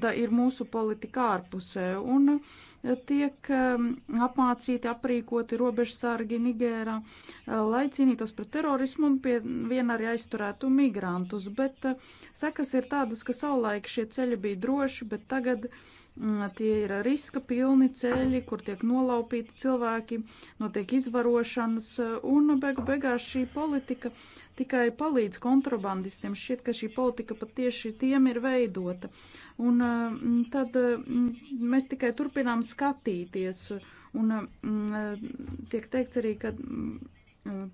da ir mūsu politika ārpusē un eh, tiek ehm, apmācīti, aprīkoti robežsargi Nigērā, eh, lai cīnītos pret terorismu un pie vien arī aizturētu migrantus. Bet eh, sekas ir tādas, ka savulaik šie ceļi bija droši, bet tagad. Uh, Mm, tie ir riska pilni ceļi, kur tiek nolaupīti cilvēki, notiek izvarošanas, un beigu beigās šī politika tikai palīdz kontrabandistiem. Šķiet, ka šī politika pat tieši tiem ir veidota. Un mm, tad mm, mēs tikai turpinām skatīties, un tiek teikts arī, ka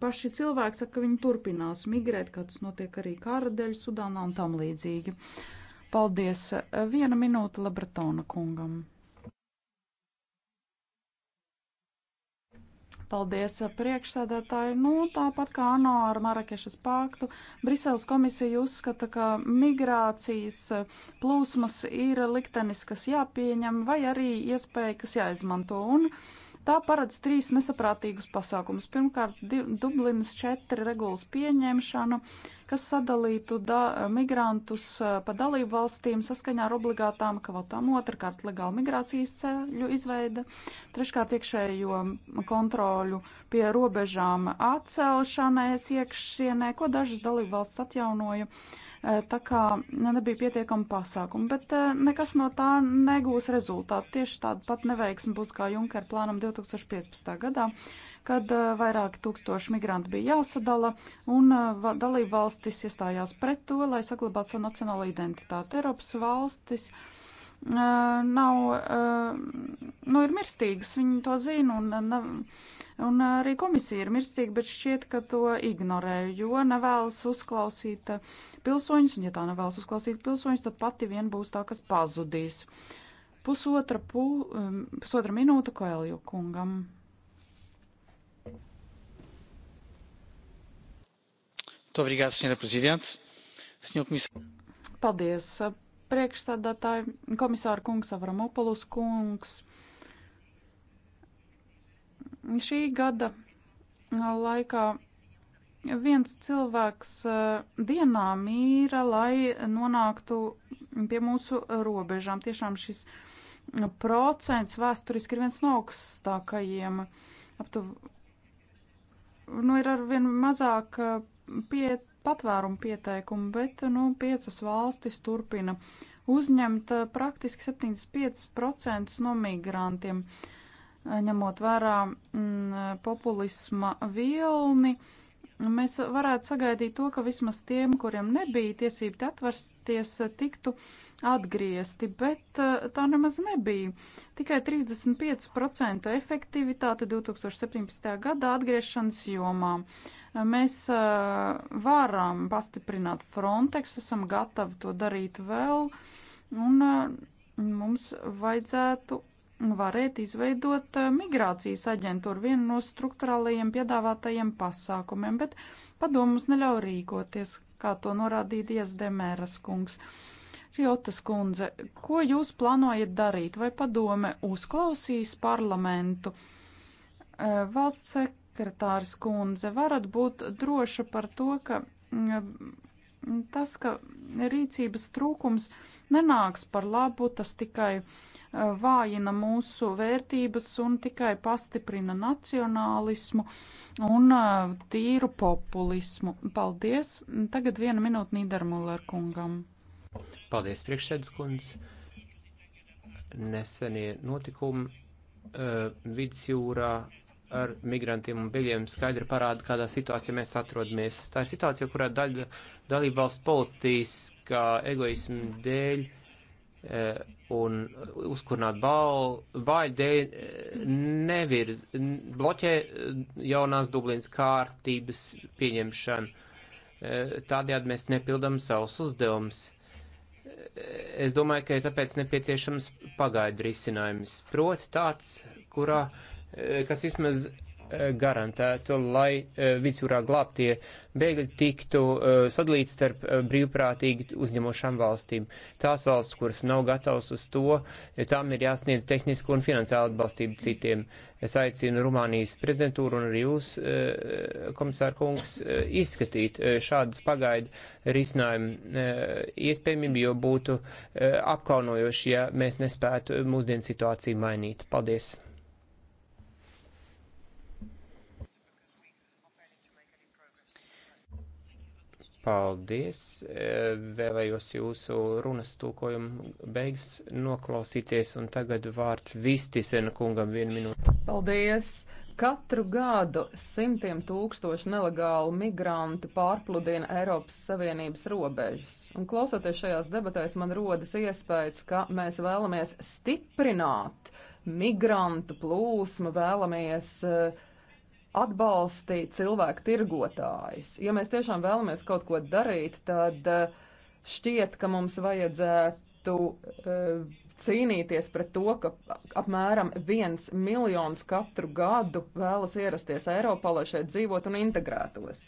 paši cilvēki saka, ka viņi turpinās migrēt, kā tas notiek arī kara dēļ Sudānā un tam līdzīgi. Uh, Paldies! Viena minūte Lebretona kungam. Paldies priekšsēdētāji. Nu, tāpat kā ANO ar Marakešas paktu, Briseles komisija uzskata, ka migrācijas plūsmas ir liktenis, kas jāpieņem, vai arī iespēja, kas jāizmanto. Un, uh, Tā paredz trīs nesaprātīgus pasākumus. Pirmkārt, Dublinas četri regulas pieņemšanu, kas sadalītu da, migrantus eh, pa dalību valstīm saskaņā ar obligātām kvotām. Otrakārt, legāla migrācijas ceļu izveida. Treškārt, iekšējo kontroļu pie robežām atcelšanai iekšienē, ko dažas dalību valsts atjaunoja. Uh, Eh, tā kā nu, nebija pietiekama pasākuma, bet eh, nekas no tā negūs rezultātu. Tieši tāda pat neveiksme būs kā Junkera plānam 2015. gadā, kad eh, vairāki tūkstoši migrantu bija jāsadala, un dalību valstis iestājās pret to, lai saglabātu savu nacionālo identitāti. Eiropas valstis uh, nav, nu, ir mirstīgas, viņi to zina, un, un arī komisija ir mirstīga, bet šķiet, ka to ignorē, jo nevēlas uzklausīt pilsoņus, un ja tā nevēlas uzklausīt pilsoņus, tad pati vien būs tā, kas pazudīs. Pusotra, pu, pusotra minūte Koelju kungam. Obrigado, Sra. Presidente. Sr. Comissário. Paldies, priekšsādātāji, komisāra kungs Avramopolus kungs. Šī gada laikā viens cilvēks eh, dienā mīra, lai nonāktu pie mūsu robežām. Tiešām šis procents vēsturiski ir viens no augstākajiem. Aptu, nu, ir arvien mazāk eh, pieeja patvērumu pieteikumu, bet nu, piecas valstis turpina uzņemt eh, praktiski 75% no migrantiem, eh, ņemot vērā m, mm, populisma vilni. Uh, Mēs varētu sagaidīt to, ka vismaz tiem, kuriem nebija tiesība atvērsties, tiktu atgriezti, bet eh, tā nemaz nebija. Tikai 35% efektivitāte 2017. gada atgriešanas jomā. Mēs eh, varam pastiprināt Frontex, esam gatavi to darīt vēl, un eh, mums vajadzētu varēt izveidot eh, migrācijas aģentūru, vienu no struktūrālajiem piedāvātajiem pasākumiem, bet padomus neļauj rīkoties, kā to norādīties Demēras kungs. Riotas kundze, ko jūs plānojat darīt, vai padome uzklausīs parlamentu? Eh, valsts sekretārs kundze, varat būt droša par to, ka mm, tas, ka rīcības trūkums nenāks par labu, tas tikai vājina mūsu vērtības un tikai pastiprina nacionālismu un tīru populismu. Paldies! Tagad viena minūte Nīdermuller kungam. Paldies, priekšsēdus kundz! Nesenie notikumi uh, vidusjūrā ar migrantiem un bēgļiem skaidri parāda, kādā situācijā mēs atrodamies. Tā ir situācija, kurā daļa dalība valsts politiskā egoisma dēļ e, un uzkurnāt bāļu dēļ eh, nevirz, bloķē eh, jaunās Dublīnas kārtības pieņemšanu. E, tādējādi mēs nepildam savus uzdevumus. Es domāju, ka ir tāpēc nepieciešams pagaidu risinājums, proti tāds, kurā uh, Eh, kas vismaz eh, garantētu, lai eh, vidusjūrā glābtie bēgļi tiktu sadalīti starp brīvprātīgi uzņemošām valstīm. Tās valsts, kuras nav gatavas uz to, tām ir jāsniedz tehnisko un finansiālu atbalstību citiem. Es aicinu Rumānijas prezidentūru un arī jūs, komisāra kungs, izskatīt šādas pagaidu risinājumu iespējamību, jo būtu apkaunojoši, ja mēs nespētu mūsdienu situāciju mainīt. Paldies! Paldies! Eh, vēlējos jūsu runas tulkojumu beigas noklausīties, un tagad vārds Vistisena kungam vienu minūti. Paldies! Katru gadu simtiem tūkstoši nelegālu migrantu pārpludina Eiropas Savienības robežas. Un klausoties šajās debatēs, man rodas iespējas, ka mēs vēlamies stiprināt migrantu plūsmu, vēlamies uh, atbalstīt cilvēku tirgotājus. Ja mēs tiešām vēlamies kaut ko darīt, tad eh, šķiet, ka mums vajadzētu eh, cīnīties pret to, ka apmēram viens miljons katru gadu vēlas ierasties Eiropā, lai šeit dzīvot un integrētos.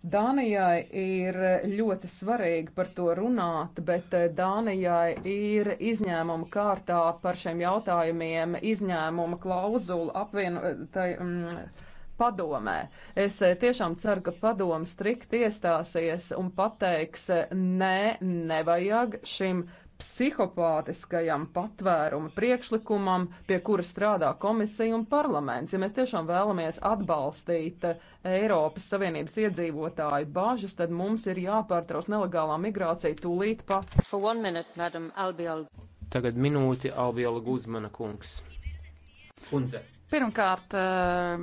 Dānijai ir ļoti svarīgi par to runāt, bet eh, Dānijai ir izņēmuma kārtā par šiem jautājumiem izņēmuma klauzula apvienotai. Um, mm, padomē. Es eh, tiešām ceru, ka padoma strikt iestāsies un pateiks, eh, nē, nevajag šim psihopātiskajam patvērumu priekšlikumam, pie kura strādā komisija un parlaments. Ja mēs tiešām vēlamies atbalstīt eh, Eiropas Savienības iedzīvotāju bāžas, tad mums ir jāpārtrauc nelegālā migrācija tūlīt pat. Minute, madam, Albiol. Tagad minūti Albiela Guzmana kungs. Kundze. Pirmkārt, eh,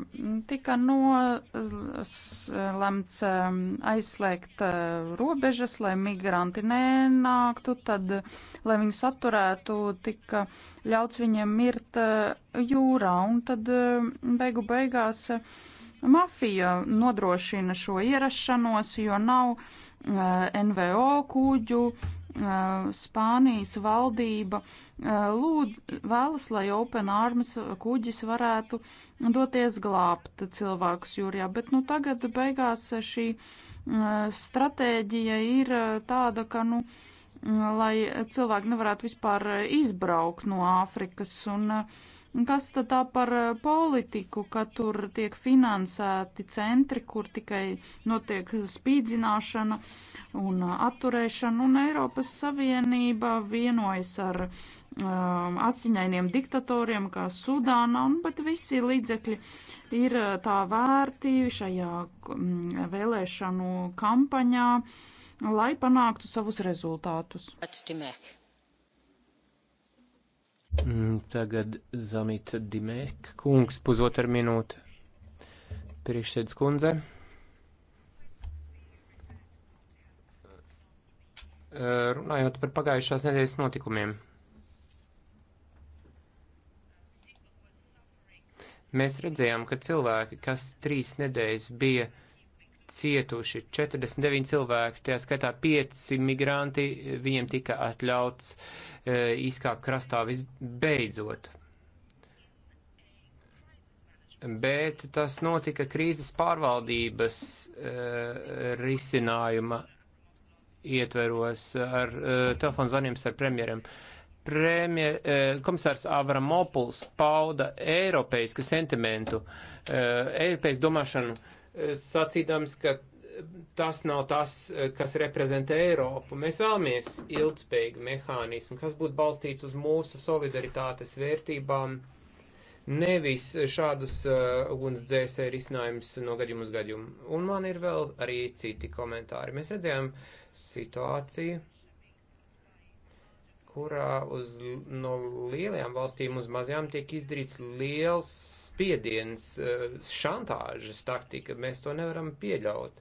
tika nolemts eh, aizslēgt eh, robežas, lai migranti nenāktu, tad, lai viņus atturētu, tika ļauts viņiem mirt jūrā, un tad beigu beigās mafija nodrošina šo ierašanos, jo nav NVO kuģu, Eh, Spānijas valdība eh, lūd vēlas, lai Open Arms kuģis varētu doties glābt cilvēkus jūrijā, bet nu tagad beigās šī eh, stratēģija ir tāda, ka nu, mm, lai cilvēki nevarētu vispār izbraukt no Āfrikas un uh, Kas tad tā par eh, politiku, ka tur tiek finansēti centri, kur tikai notiek spīdzināšana un eh, atturēšana, un Eiropas Savienība vienojas ar um, asiņainiem diktatoriem, kā Sudāna, un bet visi līdzekļi ir tā vērti šajā um, vēlēšanu kampaņā, lai panāktu savus rezultātus. Attimēk. Mm, tagad Zamīts Dimēk, kungs, pusotru minūti. Priekšsēdz kundze. Eh, runājot par pagājušās nedēļas notikumiem. Mēs redzējām, ka cilvēki, kas trīs nedēļas bija uh, cietuši 49 cilvēki, tajā skaitā 5 migranti, viņiem tika atļauts e, izkāpt krastā visbeidzot. Bet tas notika krīzes pārvaldības e, risinājuma ietveros ar e, telefonu zvaniem starp premjeriem premjer, komisārs Avramopuls pauda eiropeisku sentimentu, eiropeisku domāšanu sacīdams, ka tas nav tas, kas reprezentē Eiropu. Mēs vēlamies ilgspējīgu mehānismu, kas būtu balstīts uz mūsu solidaritātes vērtībām, nevis šādus uh, ugunsdzēsēju risinājumus no gadījuma uz gadījumu. Un man ir vēl arī citi komentāri. Mēs redzējām situāciju, kurā uz, no lielajām valstīm uz mazajām tiek izdarīts liels spiediens, eh, šantāžas taktika. Mēs to nevaram pieļaut.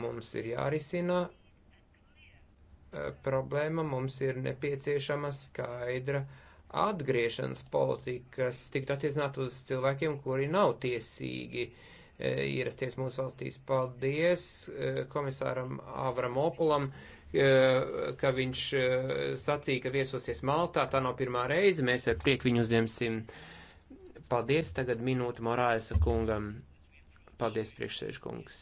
Mums ir jārisina eh, problēma, mums ir nepieciešama skaidra atgriešanas politika, kas tiktu attiecināt uz cilvēkiem, kuri nav tiesīgi eh, ierasties mūsu valstīs. Paldies komisāram Avramopulam, ka viņš sacīja, ka viesosies Maltā. Tā nav pirmā reize, mēs ar prieku viņu uzņemsim. Paldies tagad minūte Morālesa kungam. Paldies, priekšsēžkungs.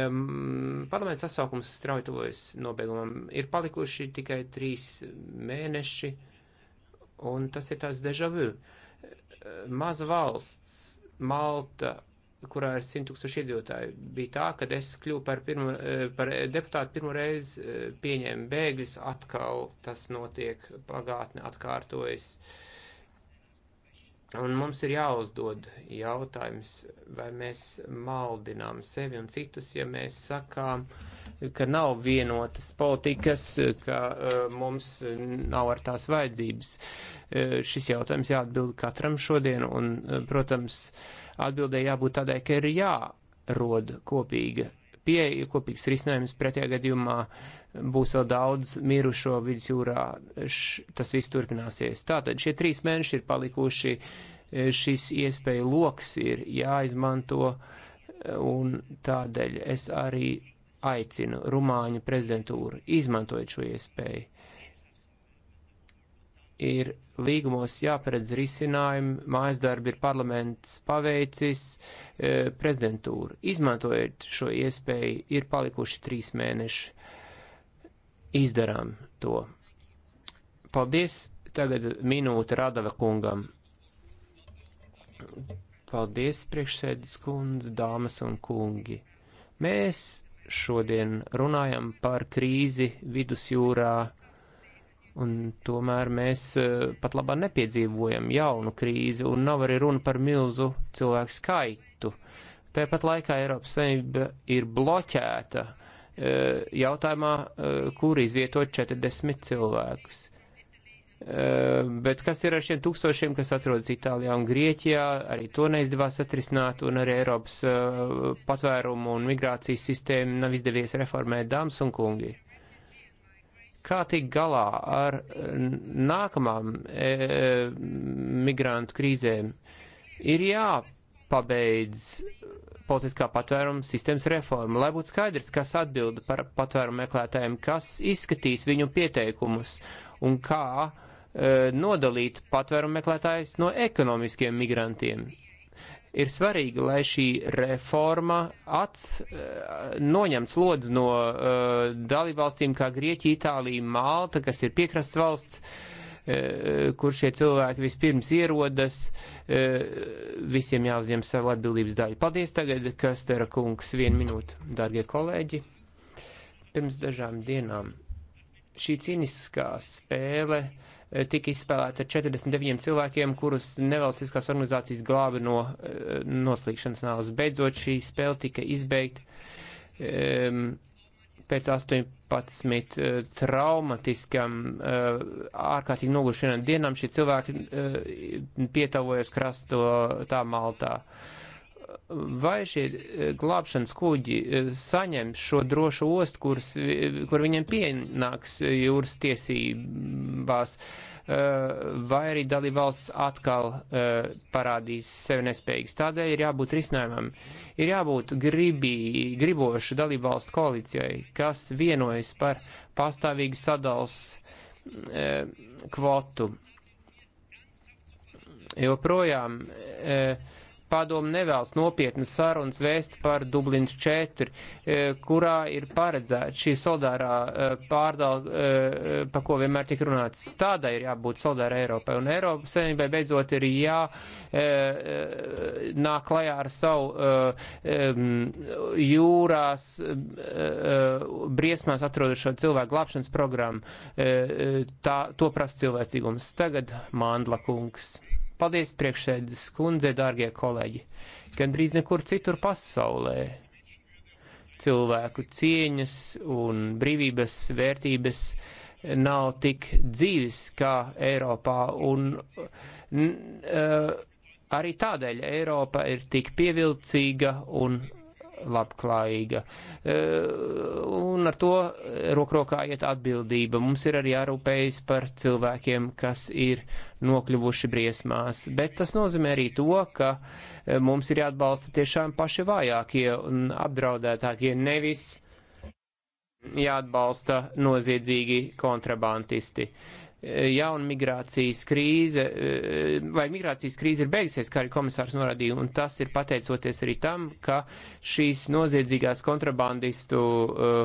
Um, parlaments sasaukums strauji tuvojas nobeigumam. Ir palikuši tikai trīs mēneši, un tas ir tāds deja vu. Maza valsts, Malta, kurā ir 100 tūkstoši iedzīvotāji, bija tā, kad es kļuvu par, pirmo, e, par deputātu pirmo reizi, e, pieņēmu bēgļus, atkal tas notiek, pagātne atkārtojas. Uh, Un mums ir jāuzdod jautājums, vai mēs maldinām sevi un citus, ja mēs sakām, ka nav vienotas politikas, ka uh, mums nav ar tās vajadzības. Uh, šis jautājums jāatbild katram šodien, un, uh, protams, atbildē jābūt tādai, ka ir jārod kopīga pieeja, kopīgs risinājums pretējā gadījumā būs vēl daudz mirušo vidus jūrā, š, tas viss turpināsies. Tātad šie trīs mēneši ir palikuši, e, šis iespēja loks ir jāizmanto, e, un tādēļ es arī aicinu Rumāņu prezidentūru izmantojot šo iespēju ir līgumos jāparedz risinājumi, mājas darbi ir parlaments paveicis, e, prezidentūra. Izmantojot šo iespēju, ir palikuši trīs mēneši. Izdarām to. Paldies! Tagad minūte Radava kungam. Paldies, priekšsēdis kundze, dāmas un kungi. Mēs šodien runājam par krīzi vidusjūrā Un tomēr mēs eh, pat labā nepiedzīvojam jaunu krīzi un nav arī runa par milzu cilvēku skaitu. Tāpat laikā Eiropas Savienība ir bloķēta eh, jautājumā, eh, kur izvietot 40 cilvēkus. Bet kas ir ar šiem tūkstošiem, kas atrodas Itālijā un Grieķijā, arī to neizdevās atrisināt, un arī Eiropas patvērumu un migrācijas sistēmu nav izdevies reformēt dāmas un kungi kā tikt galā ar nākamām e, migrantu krīzēm, ir jāpabeidz politiskā patvēruma sistēmas reforma, lai būtu skaidrs, kas atbilda par patvērumu meklētājiem, kas izskatīs viņu pieteikumus un kā e, nodalīt patvērumu meklētājs no ekonomiskiem migrantiem. Ir svarīgi, lai šī reforma ats eh, noņem slodzi no eh, dalībvalstīm kā Grieķija, Itālija, Malta, kas ir piekrasts valsts eh, kur šie cilvēki vispirms ierodas, visiem jāuzņem savu atbildības daļu. Paldies tagad, Kastera kungs, vienu minūtu, dārgie kolēģi. Pirms dažām dienām šī cīniskā spēle Eh, tika izspēlēta 49 cilvēkiem, kurus nevalstiskās organizācijas glāba no eh, noslīkšanas nāves. Beidzot, šī spēle tika izbeigta um, pēc 18 uh, eh, traumatiskam, uh, ārkārtīgi nogušanām dienām. Šie cilvēki uh, pietavojas krasto tā maltā. Uh, vai šie eh, glābšanas kuģi eh, saņem šo drošu ostu, kurs, kur viņiem pienāks eh, jūras tiesībās, vai arī dalībvalsts atkal parādīs sevi nespējīgs. Tādēļ ir jābūt risinājumam. Ir jābūt gribī, gribošu dalībvalstu koalīcijai, kas vienojas par pastāvīgu sadals kvotu. Joprojām eh, Padomu nevēlas nopietnas sarunas vēst par Dublins 4, e, kurā ir paredzēta šī solidārā e, pārdala, e, pa ko vienmēr tik runāts. Tādai ir jābūt solidārai Eiropai, un Eiropas savienībai beidzot ir jā nāk klajā ar savu jūrās briesmās atrodušo cilvēku glābšanas programmu. Tā, to prasa cilvēcīgums. Tagad Mandla kungs. Paldies, priekšsēdus kundze, dārgie kolēģi. Gan drīz nekur citur pasaulē cilvēku cieņas un brīvības vērtības nav tik dzīves kā Eiropā. Un, n, n, eh, arī tādēļ Eiropa ir tik pievilcīga un labklājīga. Eh, un ar to rokrokā iet atbildība. Mums ir arī jārūpējas par cilvēkiem, kas ir nokļuvuši briesmās. Bet tas nozīmē arī to, ka eh, mums ir jāatbalsta tiešām paši vājākie un apdraudētākie, nevis jāatbalsta noziedzīgi kontrabandisti. Uh, jauna migrācijas krīze, eh, vai migrācijas krīze ir beigusies, kā arī komisārs norādīja, un tas ir pateicoties arī tam, ka šīs noziedzīgās kontrabandistu uh,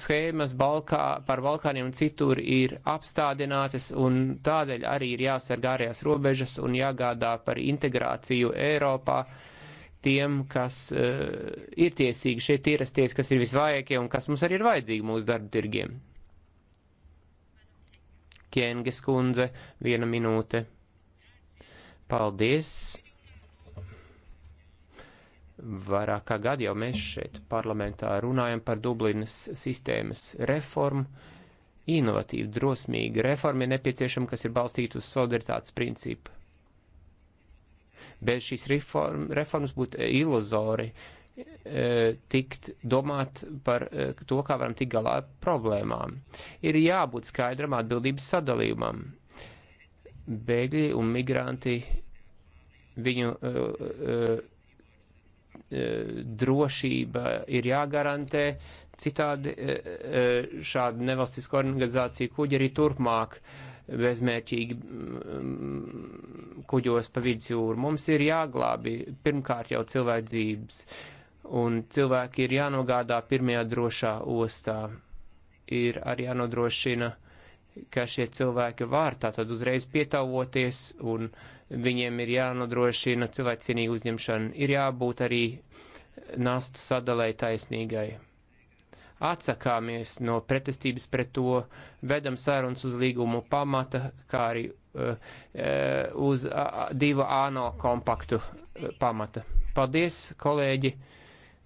schēmas Balkā, par Balkāniem un citur ir apstādinātas, un tādēļ arī ir jāsargā ārējās robežas un jāgādā par integrāciju Eiropā tiem, kas uh, ir tiesīgi šeit ierasties, kas ir visvājākie un kas mums arī ir vajadzīgi mūsu darba tirgiem. Kienges kundze, viena minūte. Paldies! Vairāk kā gadu jau mēs šeit parlamentā runājam par Dublinas sistēmas reformu. Inovatīva, drosmīga reforma ir nepieciešama, kas ir balstīta uz solidaritātes principu. Bez šīs reform, reformas būtu iluzori uh, E, tikt domāt par e, to, kā varam tikt galā ar problēmām. Ir jābūt skaidram atbildības sadalījumam. Bēgļi un migranti viņu uh, uh, drošība ir jāgarantē, citādi uh, šāda nevalstiska organizācija kuģi arī turpmāk bezmērķīgi mm, kuģos pa vidusjūru. Mums ir jāglābi pirmkārt jau cilvēku dzīves. Uh, un cilvēki ir jānogādā pirmajā drošā ostā. Ir arī jānodrošina, ka šie cilvēki var tātad uzreiz pietāvoties, un viņiem ir jānodrošina cilvēcienīga uzņemšana. Ir jābūt arī nastu sadalē taisnīgai. Atsakāmies no pretestības pret to, vedam sarunas uz līgumu pamata, kā arī uh, uh uz uh, divu ANO kompaktu uh, pamata. Paldies, kolēģi!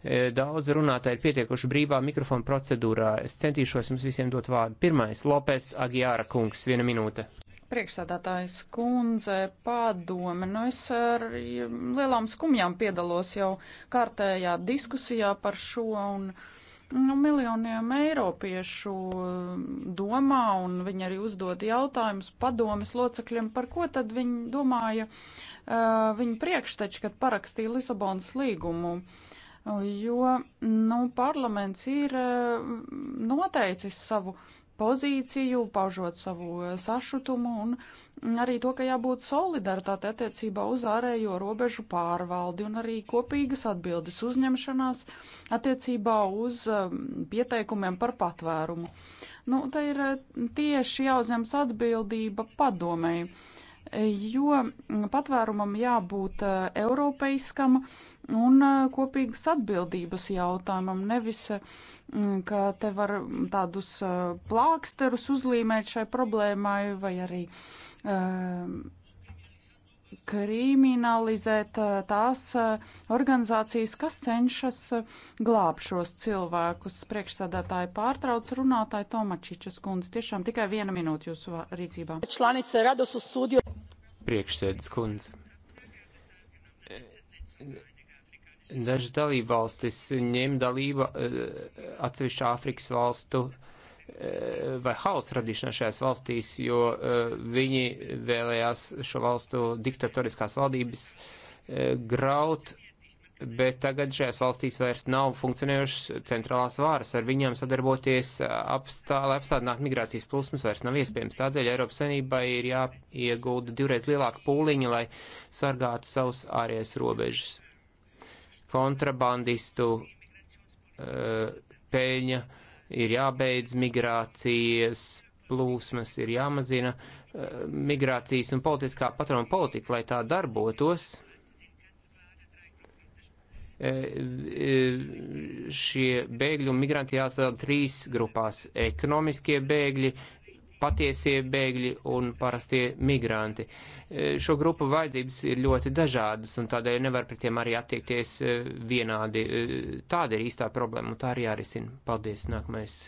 E, daudz runātāji ir pietiekuši brīvā mikrofona procedūrā. Es centīšos jums visiem dot vārdu. Pirmais - Lopes Agijāra kungs, viena minūte. Priekšsādātājs kundze, padome, nu es ar lielām skumjām piedalos jau kārtējā diskusijā par šo un nu, miljoniem eiropiešu domā un viņi arī uzdod jautājumus padomes locekļiem, par ko tad viņi domāja uh, viņa priekšteči, kad parakstīja Lisabonas līgumu. Uh, jo nu, parlaments ir eh, noteicis savu pozīciju, paužot savu eh, sašutumu un arī to, ka jābūt solidaritāte attiecībā uz ārējo robežu pārvaldi un arī kopīgas atbildes uzņemšanās attiecībā uz eh, pieteikumiem par patvērumu. Nu, te ir tieši jāuzņems atbildība padomēji jo patvērumam jābūt eiropeiskam eh, un eh, kopīgas atbildības jautājumam, nevis, mm, ka te var tādus eh, plāksterus uzlīmēt šai problēmai vai arī kriminalizēt eh, tās eh, organizācijas, kas cenšas eh, glābt šos cilvēkus. Priekšsādātāji pārtrauc runātāju Tomačičas kundzi. Tiešām tikai viena minūte jūsu rīcībā. Priekšsēdus kundze. Daži dalībvalstis ņem dalību atsevišķu Āfrikas valstu uh, vai hausa radīšanā šajās valstīs, jo e, viņi vēlējās šo valstu diktatoriskās valdības e, graut, bet tagad šajās valstīs vairs nav funkcionējušas centrālās vāras. Ar viņiem sadarboties, e, apstā, lai apstādinātu migrācijas plūsmas, vairs nav iespējams. Tādēļ Eiropas Savienībai ir jāiegulda divreiz lielāka pūliņa, lai sargātu savus ārējās robežas. Kontrabandistu pēļņa. Uh, ir jābeidz migrācijas plūsmas, ir jāmazina eh, migrācijas un politiskā patrona politika, lai tā darbotos. Eh, eh, šie bēgļi un migranti jāsadala trīs grupās - ekonomiskie bēgļi, patiesie bēgļi un parastie migranti. E, šo grupu vajadzības ir ļoti dažādas, un tādēļ nevar pret tiem arī attiekties e, vienādi. E, tāda ir īstā problēma, un tā arī jārisina. Paldies, nākamais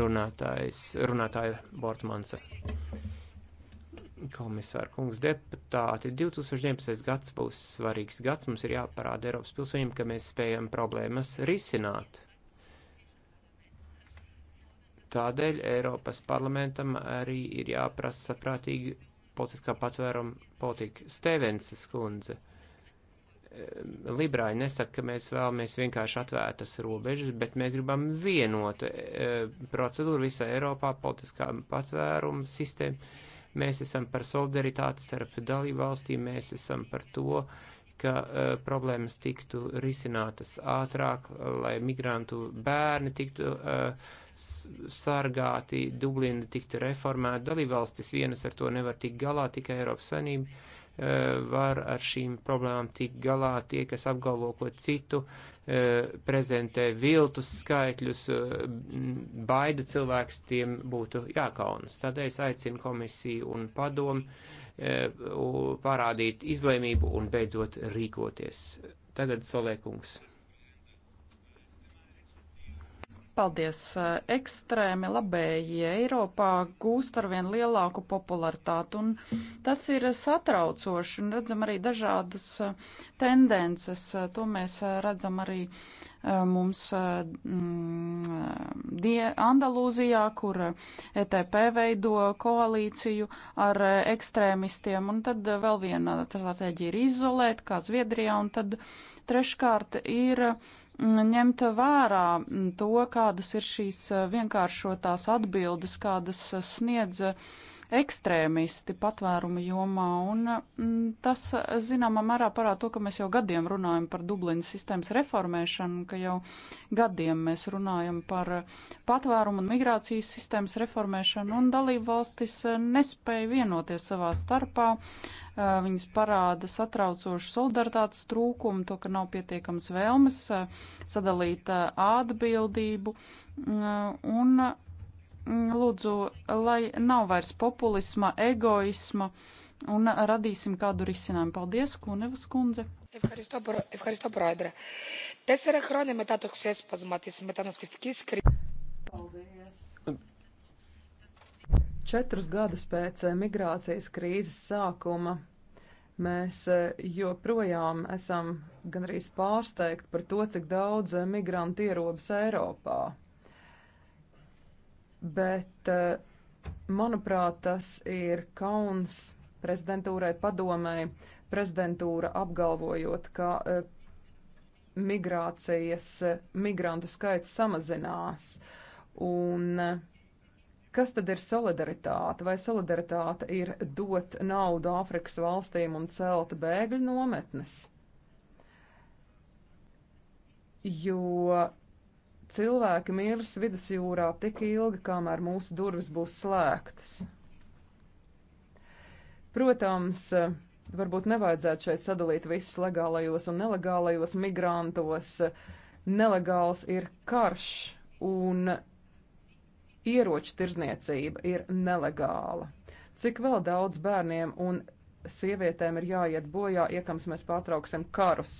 runātājs, runātāja Bortmansa. Komisāra kungs deputāti, 2019. gads būs svarīgs gads, mums ir jāparāda Eiropas pilsoņiem, ka mēs spējam problēmas risināt Tādēļ Eiropas parlamentam arī ir jāprasa saprātīgi politiskā patvēruma politika. Stevenses kundze. Ehm, Liberāļi nesaka, ka mēs vēlamies vienkārši atvērtas robežas, bet mēs gribam vienotu ehm, procedūru visā Eiropā, politiskā patvēruma sistēmu. Mēs esam par solidaritāti starp dalībvalstīm, mēs esam par to, ka uh, problēmas tiktu risinātas ātrāk, lai migrantu bērni tiktu uh, sargāti, Dublina tiktu reformēta, dalībvalstis vienas ar to nevar tikt galā, tikai Eiropas Sanība e, var ar šīm problēmām tikt galā. Tie, kas apgalvo ko citu, e, prezentē viltus skaitļus, e, baida cilvēks, tiem būtu jākaunas. Tādēļ es aicinu komisiju un padomu parādīt izlēmību un beidzot rīkoties. Tagad Solēkungs. Paldies! Eh, ekstrēmi labējie Eiropā gūst arvien lielāku popularitātu, un tas ir satraucoši, un redzam arī dažādas eh, tendences. Eh, to mēs redzam arī mums mm, die, Andalūzijā, kur ETP e veido koalīciju ar ekstrēmistiem, un tad vēl viena stratēģija ir izolēt, kā Zviedrijā, un tad treškārt ir ņemt vērā mm, to, kādas ir šīs eh, vienkāršotās atbildes, kādas eh, sniedz ekstrēmisti patvērumu jomā, un mm, tas zināmā mērā parāda to, ka mēs jau gadiem runājam par Dublinas sistēmas reformēšanu, ka jau gadiem mēs runājam par patvērumu un migrācijas sistēmas reformēšanu, un dalību valstis eh, nespēja vienoties savā starpā. Eh, viņas parāda satraucošu solidaritātes trūkumu, to, ka nav pietiekams vēlmes eh, sadalīt atbildību, mm, un Mm, lūdzu, lai nav vairs populisma, egoisma un radīsim kādu risinājumu. Paldies, Kunevas kundze. Ευχαριστώ, Πρόεδρε. Τέσσερα χρόνια μετά το ξέσπασμα της μεταναστευτικής κρίσης. Četrus gadus pēc eh, migrācijas krīzes sākuma mēs eh, joprojām esam gandrīz pārsteigti par to, cik daudz eh, migrantu ierodas Eiropā bet, eh, manuprāt, tas ir kauns prezidentūrai padomēji, prezidentūra apgalvojot, ka eh, migrācijas, eh, migrantu skaits samazinās. Un kas tad ir solidaritāte? Vai solidaritāte ir dot naudu Āfrikas valstīm un celt bēgļu nometnes? Jo cilvēki mirs vidusjūrā tik ilgi, kamēr mūsu durvis būs slēgtas. Protams, varbūt nevajadzētu šeit sadalīt visus legālajos un nelegālajos migrantos. Nelegāls ir karš un ieroču tirzniecība ir nelegāla. Cik vēl daudz bērniem un sievietēm ir jāiet bojā, iekams mēs pārtrauksim karus.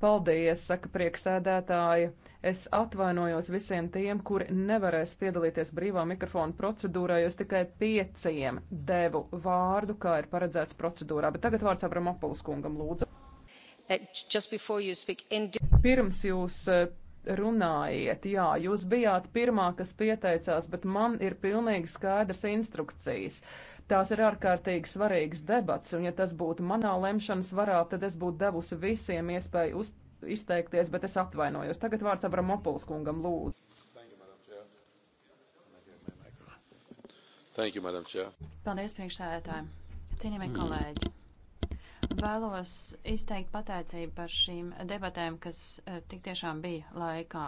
Paldies, saka prieksēdētāja. Es atvainojos visiem tiem, kuri nevarēs piedalīties brīvā mikrofona procedūrā, jo es tikai pieciem devu vārdu, kā ir paredzēts procedūrā. Bet tagad vārds Abramopulis kungam lūdzu. Uh, speak, Pirms jūs uh, runājiet, jā, jūs bijāt pirmā, kas pieteicās, bet man ir pilnīgi skaidrs instrukcijas. Uh, Tās ir ārkārtīgi svarīgas debats, un ja tas būtu manā lemšanas varā, tad es būtu devusi visiem iespēju uz, izteikties, bet es atvainojos. Tagad vārds Abramopuls kungam lūdzu. Thank you, Madam Chair. Paldies, priekšsēdētāji. Cienījamie mm. kolēģi. Vēlos izteikt pateicību par šīm debatēm, kas eh, tik tiešām bija laikā.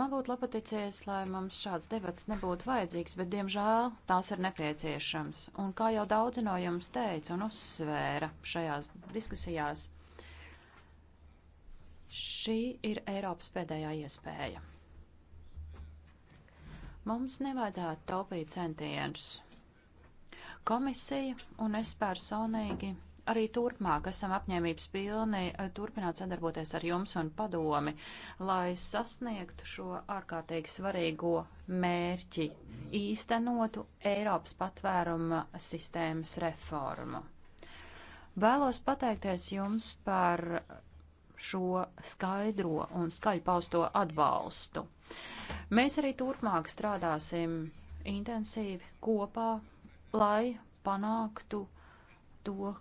Man būtu labi paticies, lai mums šāds debats nebūtu vajadzīgs, bet, diemžēl, tās ir nepieciešams. Un kā jau daudzi no jums teica un uzsvēra šajās diskusijās, šī ir Eiropas pēdējā iespēja. Mums nevajadzētu taupīt centienus. Komisija un es personīgi arī turpmāk esam apņēmības pilni eh, turpināt sadarboties ar jums un padomi, lai sasniegtu šo ārkārtīgi svarīgo mērķi - īstenotu Eiropas patvēruma sistēmas reformu. Vēlos pateikties jums par šo skaidro un skaļu pausto atbalstu. Mēs arī turpmāk strādāsim intensīvi kopā, lai panāktu to,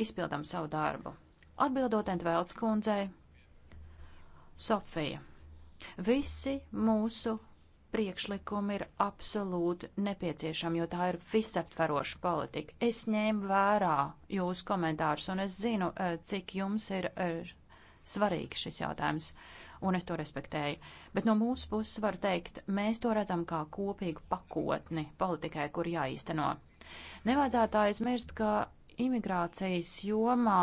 izpildam savu darbu. Atbildot Entvēlts kundzei, Sofija, visi mūsu priekšlikumi ir absolūti nepieciešami, jo tā ir visaptveroša politika. Es ņēmu vērā jūsu komentārus, un es zinu, eh, cik jums ir eh, svarīgs šis jautājums, un es to respektēju. Bet no mūsu puses var teikt, mēs to redzam kā kopīgu pakotni politikai, kur jāīsteno. Nevajadzētu aizmirst, ka imigrācijas jomā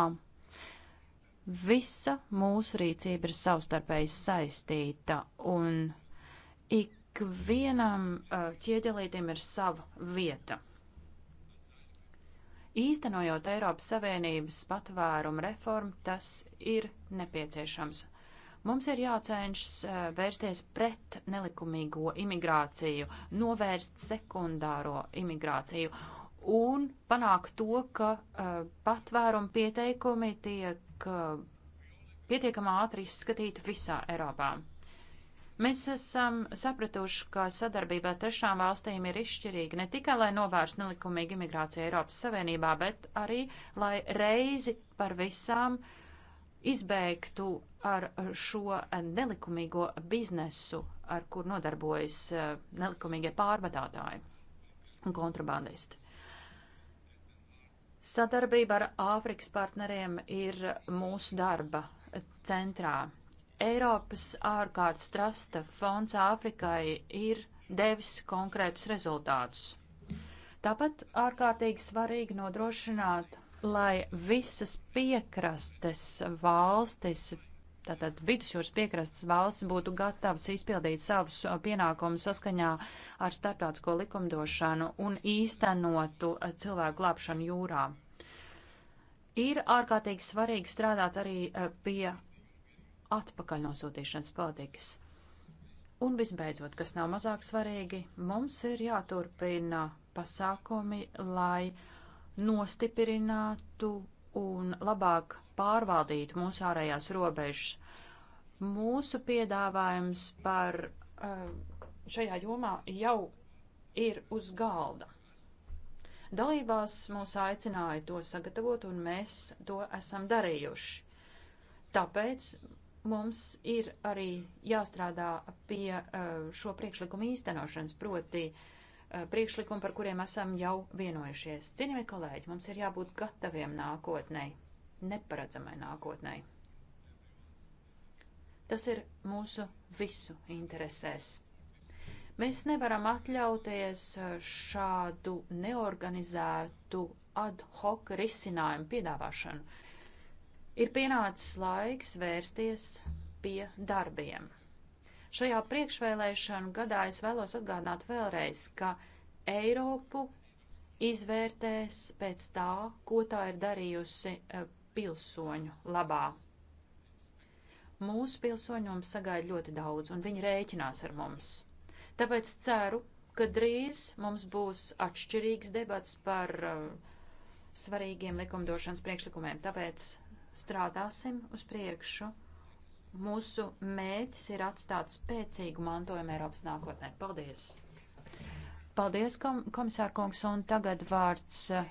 visa mūsu rīcība ir savstarpēji saistīta, un ik vienam uh, ķieģelītim ir sava vieta. Īstenojot Eiropas Savienības patvērumu reformu, tas ir nepieciešams. Mums ir jācenšas uh, vērsties pret nelikumīgo imigrāciju, novērst sekundāro imigrāciju un panākt to, ka uh, patvērumu pieteikumi tiek uh, pietiekamā ātri izskatīti visā Eiropā. Mēs esam sapratuši, ka sadarbībā ar trešām valstīm ir izšķirīga ne tikai, lai novērstu nelikumīgu imigrāciju Eiropas Savienībā, bet arī, lai reizi par visām izbeigtu ar šo nelikumīgo biznesu, ar kur nodarbojas uh, nelikumīgie pārvadātāji un kontrabandisti. Sadarbība ar Āfrikas partneriem ir mūsu darba centrā. Eiropas ārkārtas trasta fonds Āfrikai ir devis konkrētus rezultātus. Tāpat ārkārtīgi svarīgi nodrošināt, lai visas piekrastes valstis tātad vidusjūras piekrastes valsts būtu gatavas izpildīt savus uh, pienākumus saskaņā ar starptautisko likumdošanu un īstenotu uh, cilvēku glābšanu jūrā. Ir ārkārtīgi svarīgi strādāt arī uh, pie atpakaļnosūtīšanas politikas. Un visbeidzot, kas nav mazāk svarīgi, mums ir jāturpina pasākumi, lai nostiprinātu un labāk pārvaldītu mūsu ārējās robežas. Mūsu piedāvājums par um, šajā jomā jau ir uz galda. Dalībās mūs aicināja to sagatavot, un mēs to esam darījuši. Tāpēc mums ir arī jāstrādā pie uh, šo priekšlikumu īstenošanas, proti uh, priekšlikumu, par kuriem esam jau vienojušies. Cienījamie kolēģi, mums ir jābūt gataviem nākotnēji neparedzamai nākotnē. Tas ir mūsu visu interesēs. Mēs nevaram atļauties šādu neorganizētu ad hoc risinājumu piedāvāšanu. Ir pienācis laiks vērsties pie darbiem. Šajā priekšvēlēšanu gadā es vēlos atgādināt vēlreiz, ka Eiropu izvērtēs pēc tā, ko tā ir darījusi eh, pilsoņu labā. Mūsu pilsoņi mums sagaida ļoti daudz, un viņi rēķinās ar mums. Tāpēc ceru, ka drīz mums būs atšķirīgs debats par uh, svarīgiem likumdošanas priekšlikumiem. Tāpēc strādāsim uz priekšu. Mūsu mēķis ir atstāt spēcīgu mantojumu Eiropas nākotnē. Paldies! Paldies, kom komisār kungs, un tagad vārds uh,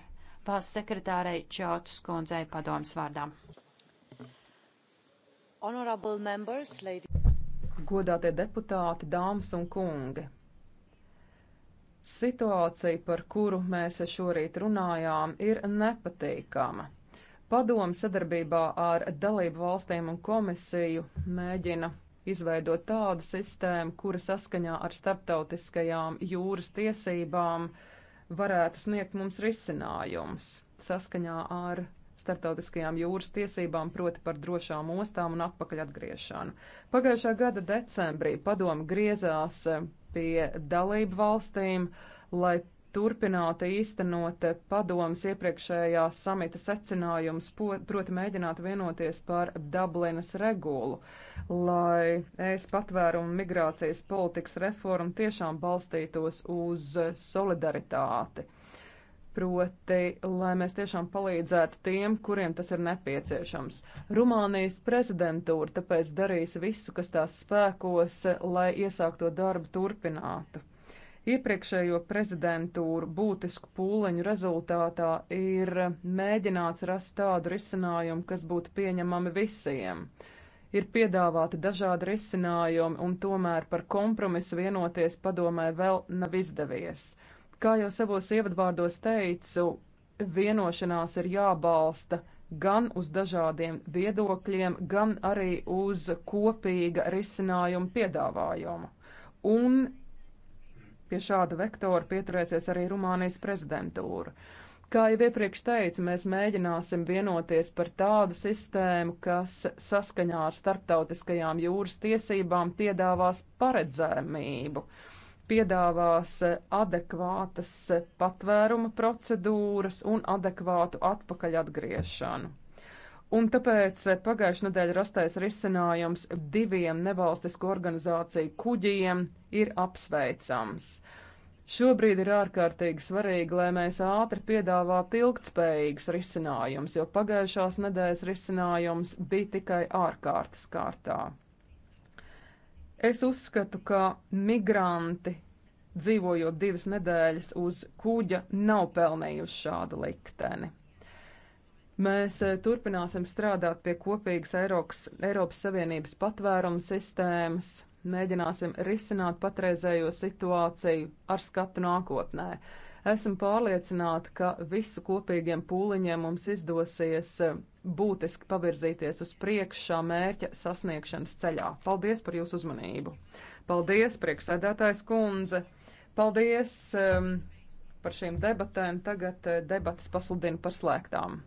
valsts sekretārei Čiotas kundzei padomas vārdā. Godātie deputāti, dāmas un kungi! Situācija, par kuru mēs šorīt runājām, ir nepatīkama. Padomu sadarbībā ar dalību valstīm un komisiju mēģina izveidot tādu sistēmu, kura saskaņā ar starptautiskajām jūras tiesībām uh, varētu sniegt mums risinājumus saskaņā ar starptautiskajām jūras tiesībām, proti par drošām ostām un atpakaļ atgriešanu. Pagājušā gada decembrī padomu griezās pie dalību valstīm, lai turpināt īstenot padomas iepriekšējā samita secinājumus, proti mēģināt vienoties par Dublinas regulu, lai es patvērumu migrācijas politikas reformu tiešām balstītos uz solidaritāti. Proti, lai mēs tiešām palīdzētu tiem, kuriem tas ir nepieciešams. Rumānijas prezidentūra tāpēc darīs visu, kas tās spēkos, lai iesākto darbu turpinātu. Iepriekšējo prezidentūru būtisku pūleņu rezultātā ir mēģināts rast tādu risinājumu, kas būtu pieņemami visiem. Ir piedāvāti dažādi risinājumi, un tomēr par kompromisu vienoties padomē vēl nav izdevies. Kā jau savos ievadvārdos teicu, vienošanās ir jābalsta gan uz dažādiem viedokļiem, gan arī uz kopīga risinājuma piedāvājumu. Un Pie šāda vektora pieturēsies arī Rumānijas prezidentūra. Kā jau iepriekš teicu, mēs mēģināsim vienoties par tādu sistēmu, kas saskaņā ar starptautiskajām jūras tiesībām piedāvās paredzēmību, piedāvās adekvātas patvēruma procedūras un adekvātu atpakaļ atgriešanu. Un tāpēc pagājušā nedēļa rastais risinājums diviem nevalstisku organizāciju kuģiem ir apsveicams. Šobrīd ir ārkārtīgi svarīgi, lai mēs ātri piedāvātu ilgtspējīgus risinājumus, jo pagājušās nedēļas risinājums bija tikai ārkārtas kārtā. Es uzskatu, ka migranti, dzīvojot divas nedēļas uz kuģa, nav pelnījuši šādu likteni. Mēs eh, turpināsim strādāt pie kopīgas Eiropas, Eiropas Savienības patvērumu sistēmas, mēģināsim risināt patreizējo situāciju ar skatu nākotnē. Esmu pārliecināta, ka visu kopīgiem pūliņiem mums izdosies eh, būtiski pavirzīties uz priekšu šā mērķa sasniegšanas ceļā. Paldies par jūsu uzmanību! Paldies, priekšsēdētājs kundze! Paldies um, par šīm debatēm. Tagad eh, debatas pasludina par slēgtām.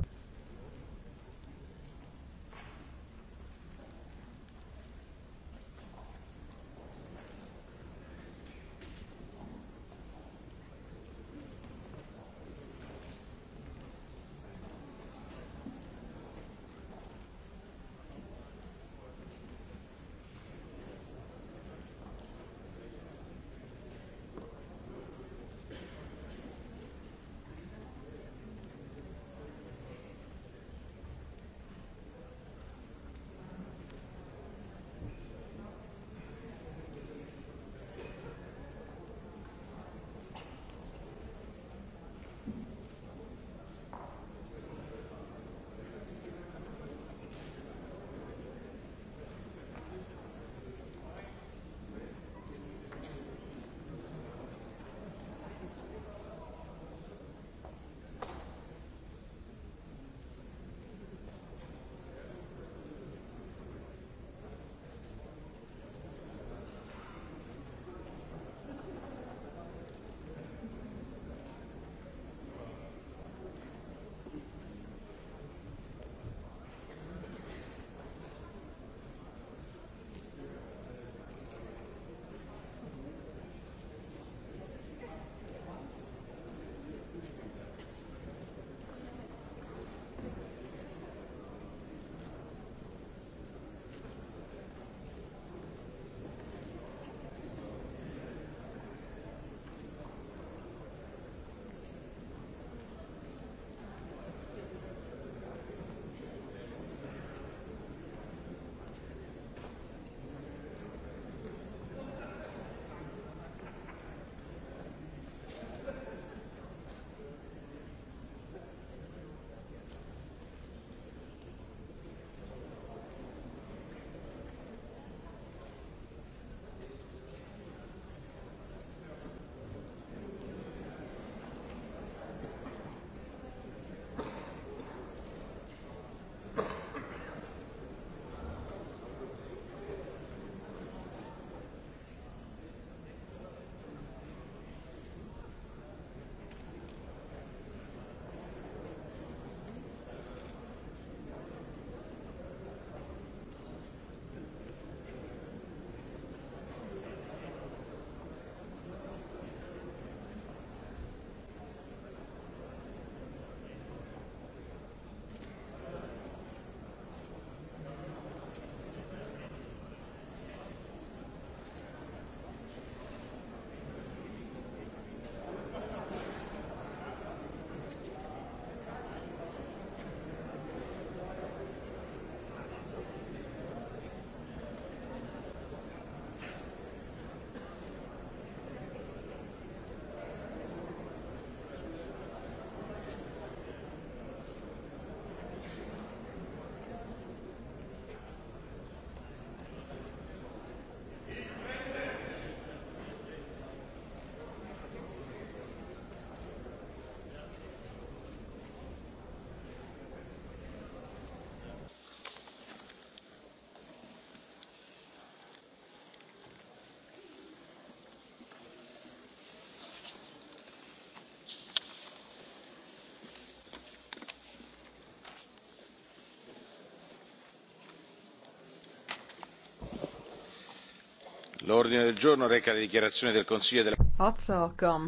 L'ordine del giorno reca le dichiarazioni del Consiglio della... Atsākam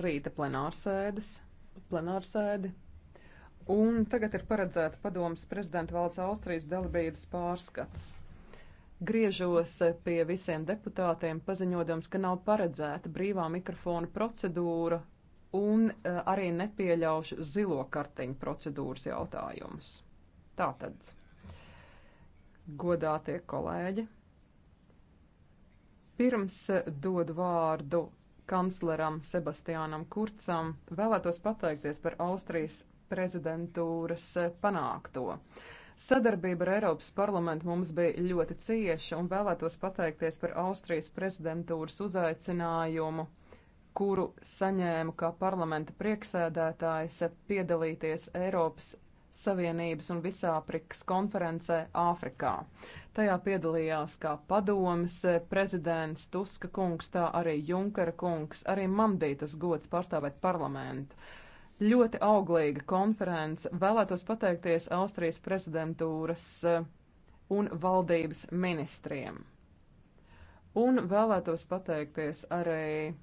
rīta plenārsēdes, plenārsēdi. Un tagad ir paredzēta padomas prezidenta valsts Austrijas dalībības pārskats. Griežos pie visiem deputātiem, paziņodams, ka nav paredzēta brīvā mikrofona procedūra un uh, arī nepieļaušu zilo kartiņu procedūras jautājumus. Tātad, godātie kolēģi! Pirms eh, dodu vārdu kancleram Sebastiānam Kurcam, vēlētos pateikties par Austrijas prezidentūras eh, panākto. Sadarbība ar Eiropas parlamentu mums bija ļoti cieša un vēlētos pateikties par Austrijas prezidentūras uzaicinājumu, kuru saņēmu kā parlamenta prieksēdētājs eh, piedalīties Eiropas Savienības un Visāprikas konferencē Āfrikā. Tajā piedalījās kā padomas prezidents Tuska kungs, tā arī Junkara kungs, arī man bija tas gods pārstāvēt parlamentu. Ļoti auglīga konference. Vēlētos pateikties Austrijas prezidentūras eh, un valdības ministriem. Un vēlētos pateikties arī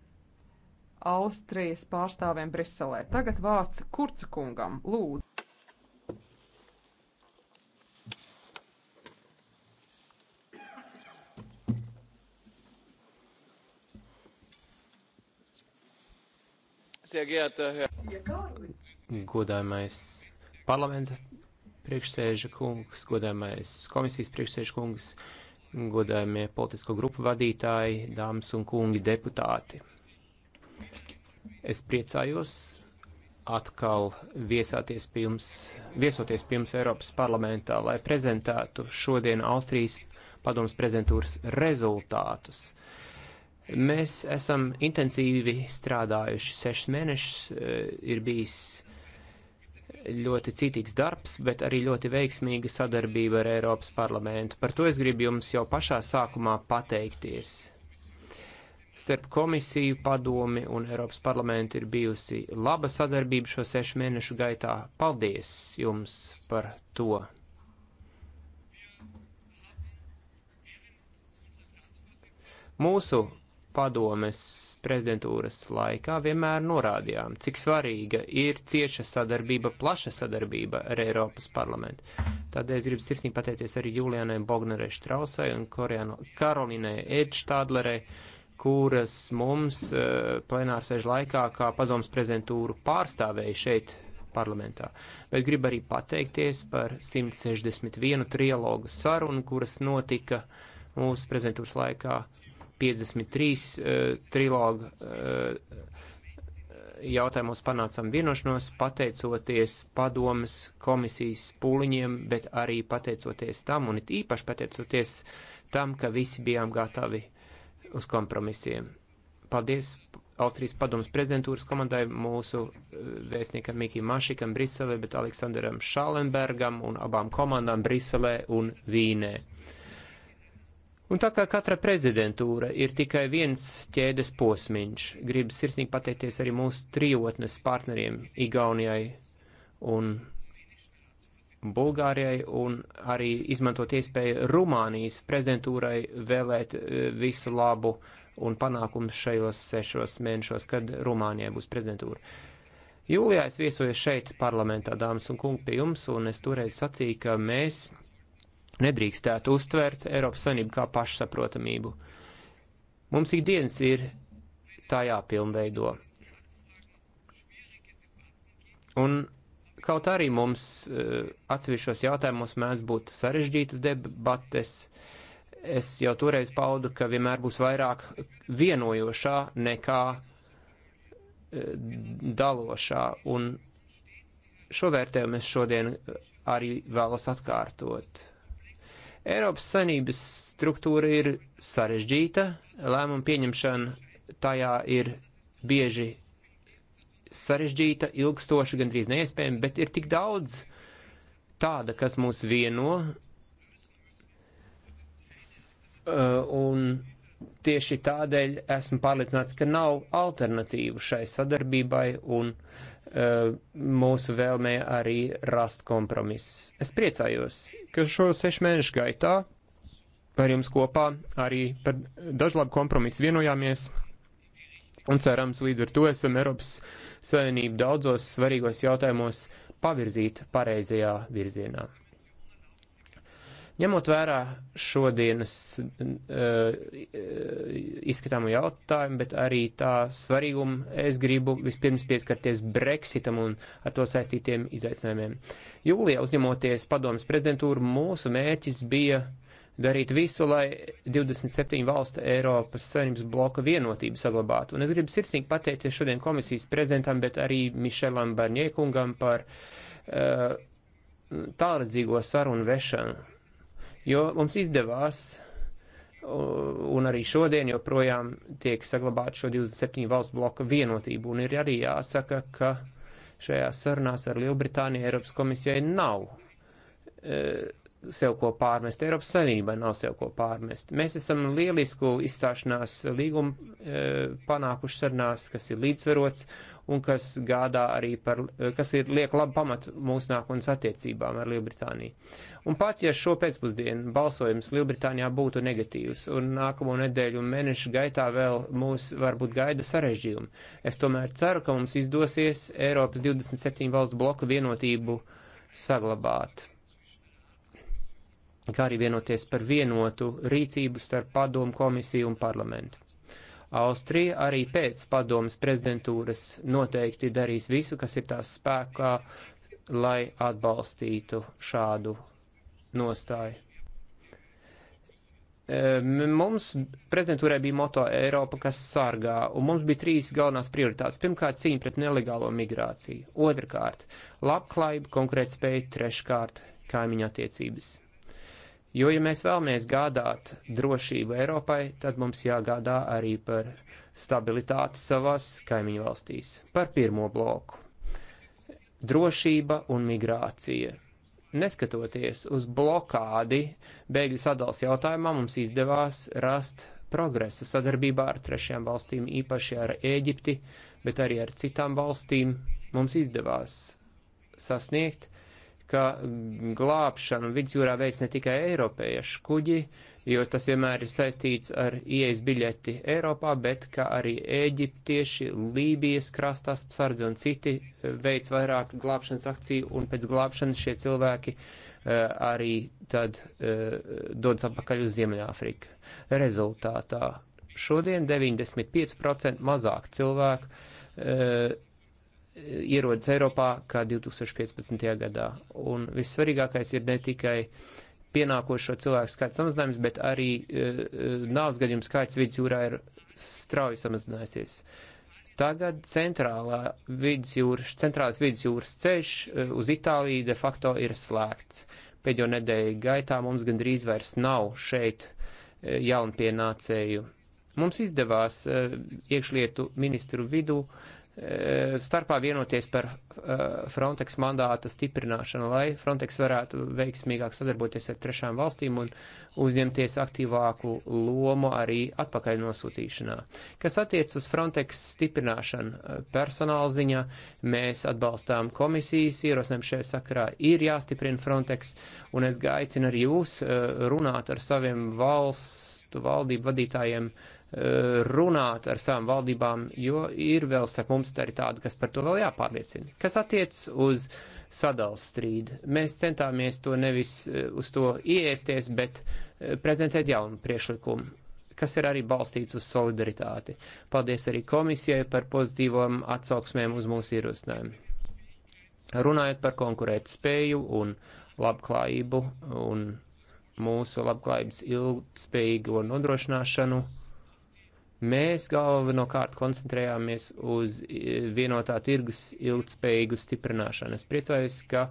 Austrijas pārstāvjiem Briselē. Tagad vārds Kurca kungam. Lūdzu! sehr geehrter Herr. Godājumais parlamenta priekšsēža kungs, godājumais komisijas priekšsēža kungs, godājumie politisko grupu vadītāji, dāmas un kungi deputāti. Es priecājos atkal viesāties pie jums, viesoties pie jums Eiropas parlamentā, lai prezentētu šodien Austrijas padomas prezentūras rezultātus. Uh, Mēs esam intensīvi strādājuši sešus mēnešus, eh, ir bijis ļoti citīgs darbs, bet arī ļoti veiksmīga sadarbība ar Eiropas parlamentu. Par to es gribu jums jau pašā sākumā pateikties. Starp komisiju, padomi un Eiropas parlamentu ir bijusi laba sadarbība šo sešu mēnešu gaitā. Paldies jums par to! Mūsu padomes prezidentūras laikā vienmēr norādījām, cik svarīga ir cieša sadarbība, plaša sadarbība ar Eiropas parlamentu. Tādēļ es gribu sirsnīgi pateikties arī Julianai Bognerē Štrausai un Karolinai Edštādlerei, kuras mums eh, plenārsēžu laikā kā padomes prezidentūru pārstāvēja šeit parlamentā. Bet gribu arī pateikties par 161 trialogu sarunu, kuras notika mūsu prezidentūras laikā 53 uh, trilogu uh, jautājumos panācām vienošanos, pateicoties padomas komisijas pūliņiem, bet arī pateicoties tam, un it īpaši pateicoties tam, ka visi bijām gatavi uz kompromisiem. Paldies Austrijas padomas prezidentūras komandai, mūsu eh, vēstniekam Mikī Mašikam Briselē, bet Aleksandram Šalenbergam un abām komandām Briselē un Vīnē. Un tā kā katra prezidentūra ir tikai viens ķēdes posmiņš, gribu sirsnīgi pateikties arī mūsu trijotnes partneriem Igaunijai un Bulgārijai un arī izmantot iespēju Rumānijas prezidentūrai vēlēt eh, visu labu un panākumu šajos sešos mēnešos, kad Rumānijai būs prezidentūra. Jūlijā es viesojos šeit parlamentā, dāmas un kungi, pie jums, un es toreiz sacīju, ka mēs nedrīkstētu uztvert Eiropas Savienību kā pašsaprotamību. Mums ikdienas ir tā jāpilnveido. Un kaut arī mums eh, atsevišķos jautājumos mēdz būt sarežģītas debates, es jau toreiz paudu, ka vienmēr būs vairāk vienojošā nekā eh, dalošā. Un šo vērtējumu es šodien eh, arī vēlos atkārtot. Eiropas saimnības struktūra ir sarežģīta, lēmuma pieņemšana tajā ir bieži sarežģīta, ilgstoša, gandrīz neiespējama, bet ir tik daudz tāda, kas mūs vieno. Uh, un tieši tādēļ esmu pārliecināts, ka nav alternatīvu šai sadarbībai un uh, Eh, mūsu vēlmē arī rast kompromiss. Es priecājos, ka šo sešu mēnešu gaitā par jums kopā arī par dažlabu kompromisu vienojāmies, un cerams līdz ar to esam Eiropas Savienību daudzos svarīgos jautājumos pavirzīt pareizajā virzienā. Ņemot vērā šodienas uh, eh, eh, izskatāmu jautājumu, bet arī tā svarīgumu, es gribu vispirms pieskarties Brexitam un ar to saistītiem izaicinājumiem. Jūlijā uzņemoties padomas prezidentūru, mūsu mērķis bija darīt visu, lai 27 valstu Eiropas Savienības bloka vienotību saglabātu. Un es gribu sirsnīgi pateikties šodien komisijas prezidentam, bet arī Mišelam Barņiekungam par uh, tālredzīgo sarunu vešanu jo mums izdevās, un arī šodien joprojām tiek saglabāta šo 27 valstu bloku vienotību, un ir arī jāsaka, ka šajās sarunās ar Lielbritāniju Eiropas komisijai nav. E, sev ko pārmest, Eiropas Savienībai nav sev ko pārmest. Mēs esam lielisku izstāšanās līgumu e, panākuši sarunās, kas ir līdzsvarots un kas gādā arī par, e, kas ir liek labu pamatu mūsu nākotnes attiecībām ar Lielbritāniju. Un pat, ja šo pēcpusdienu balsojums Lielbritānijā būtu negatīvs un nākamo nedēļu un mēnešu gaitā vēl mūs varbūt gaida sarežģījumi, es tomēr ceru, ka mums izdosies Eiropas 27 valstu bloku vienotību saglabāt kā arī vienoties par vienotu rīcību starp padomu komisiju un parlamentu. Austrija arī pēc padomas prezidentūras noteikti darīs visu, kas ir tās spēkā, lai atbalstītu šādu nostāju. Mums prezidentūrai bija moto Eiropa, kas sargā, un mums bija trīs galvenās prioritātes. Pirmkārt, cīņa pret nelegālo migrāciju, otrkārt, labklājība, konkurētspēja, treškārt, kaimiņa attiecības. Jo, ja mēs vēlamies gādāt drošību Eiropai, tad mums jāgādā arī par stabilitāti savās kaimiņu valstīs. Par pirmo bloku. Drošība un migrācija. Neskatoties uz blokādi, bēgļu sadalas jautājumā mums izdevās rast progresu sadarbībā ar trešajām valstīm, īpaši ar Ēģipti, bet arī ar citām valstīm mums izdevās sasniegt ka glābšanu vidusjūrā veids ne tikai eiropiešu kuģi, jo tas vienmēr ir saistīts ar ieejas biļeti Eiropā, bet ka arī eģiptieši, Lībijas krastās sardzi un citi eh, veids vairāk glābšanas akciju, un pēc glābšanas šie cilvēki uh, arī tad uh, dodas atpakaļ uz Ziemeļāfriku. Rezultātā šodien 95% mazāk cilvēku uh, ierodas Eiropā kā 2015. gadā. Un vissvarīgākais ir ne tikai pienākošo cilvēku skaits samazinājums, bet arī uh, nāves gadījumu skaits vidusjūrā ir strauji samazinājusies. Tagad centrālā vidusjūras, centrālās vidusjūras ceļš uh, uz Itāliju de facto ir slēgts. Pēdējo nedēļu gaitā mums gandrīz vairs nav šeit uh, jaunpienācēju. Mums izdevās uh, iekšlietu ministru vidū uh, Eh, starpā vienoties par eh, Frontex mandāta stiprināšanu, lai Frontex varētu veiksmīgāk sadarboties ar trešām valstīm un uzņemties aktīvāku lomu arī atpakaļ nosūtīšanā. Kas attiec uz Frontex stiprināšanu eh, personāla ziņā, mēs atbalstām komisijas ierosinājumu šajā sakarā ir jāstiprina Frontex, un es aicinu arī jūs runāt ar saviem valstu valdību vadītājiem uh, Eh, runāt ar savām valdībām, jo ir vēl starp mums arī tādi, kas par to vēl jāpārliecina. Kas attiec uz sadals strīdu, mēs centāmies to nevis eh, uz to ieēsties, bet eh, prezentēt jaunu priešlikumu kas ir arī balstīts uz solidaritāti. Paldies arī komisijai par pozitīvām atsauksmēm uz mūsu ierosinājumu. Runājot par konkurēt spēju un labklājību un mūsu labklājības ilgspējīgo nodrošināšanu, uh, Mēs galvenokārt koncentrējāmies uz e, vienotā tirgus ilgspējīgu stiprināšanu. Es priecājos, ka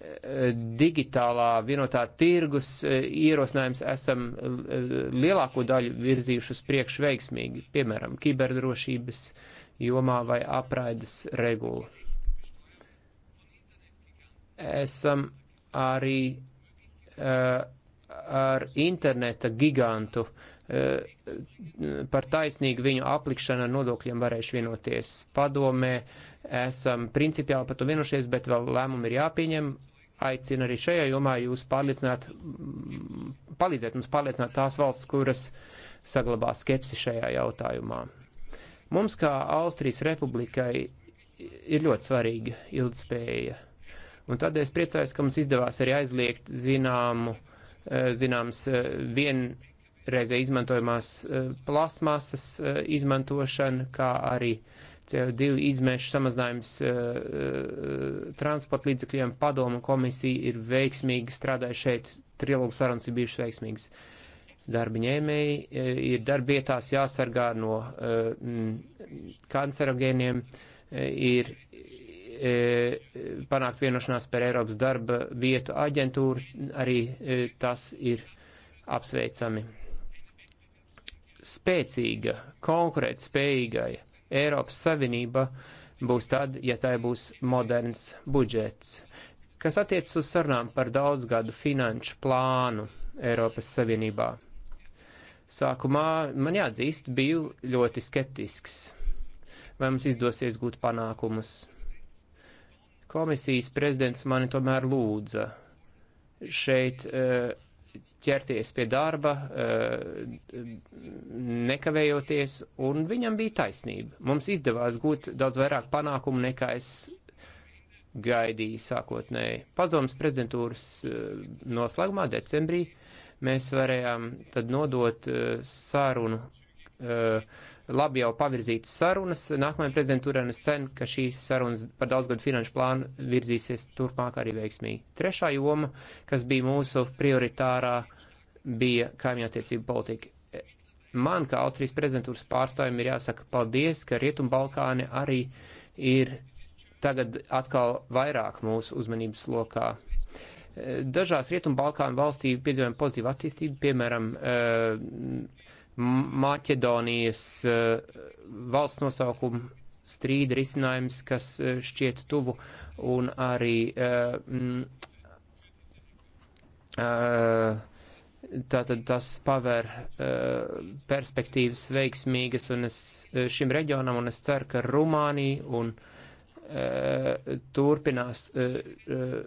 e, digitālā vienotā tirgus e, ierosinājums esam lielāko daļu virzījuši uz priekšu veiksmīgi, piemēram, kiberdrošības jomā vai apraides regulu. Esam arī uh, ar interneta gigantu uh, Eh, par taisnīgu viņu aplikšanu ar nodokļiem varēšu vienoties. Padomē esam principiāli par to vienošies, bet vēl lēmumi ir jāpieņem. Aicinu arī šajā jomā jūs pārliecināt, mm, palīdzēt mums pārliecināt tās valsts, kuras saglabā skepsi šajā jautājumā. Mums, kā Austrijas republikai, ir ļoti svarīga ilgspēja. Un tādēļ es priecājos, ka mums izdevās arī aizliegt zināmu, eh, zināms, eh, vienu reizē izmantojamās e, plasmasas e, izmantošana, kā arī CO2 izmešu samazinājums e, transporta līdzekļiem. Padoma komisija ir veiksmīgi strādājusi šeit, trilogu sarunas ir bijušas veiksmīgas. Darba ņēmēji ir darba vietās jāsargā no kancerogēniem, ir panākt vienošanās par Eiropas darba vietu aģentūru, arī tas ir apsveicami spēcīga, konkurēt spējīgai Eiropas Savienība būs tad, ja tai būs moderns budžets. Kas attiecas uz sarunām par daudzgadu finanšu plānu Eiropas Savienībā? Sākumā man jāatzīst, biju ļoti skeptisks. Vai mums izdosies gūt panākumus? Komisijas prezidents mani tomēr lūdza šeit uh, ķerties pie darba, eh, nekavējoties, un viņam bija taisnība. Mums izdevās gūt daudz vairāk panākumu nekā es gaidīju sākotnēji. Padomas prezidentūras eh, noslēgumā, decembrī, mēs varējām tad nodot eh, sārunu labi jau pavirzītas sarunas. Nākamajā prezidentūrā es cenu, ka šīs sarunas par daudzgadu finanšu plānu virzīsies turpmāk arī veiksmīgi. Trešā joma, kas bija mūsu prioritārā, bija kaimiņattiecību politika. Man, kā Austrijas prezidentūras pārstāvjiem, ir jāsaka paldies, ka Rietumbalkāni arī ir tagad atkal vairāk mūsu uzmanības lokā. Dažās Rietumbalkānu valstī piedzīvojam pozitīvu attīstību, piemēram, uh, Maķedonijas eh, valsts nosaukuma strīda risinājums, kas eh, šķiet tuvu, un arī eh, m, tātad tas paver uh, perspektīvas veiksmīgas un es, šim reģionam, un es ceru, ka Rumānija un uh, turpinās uh,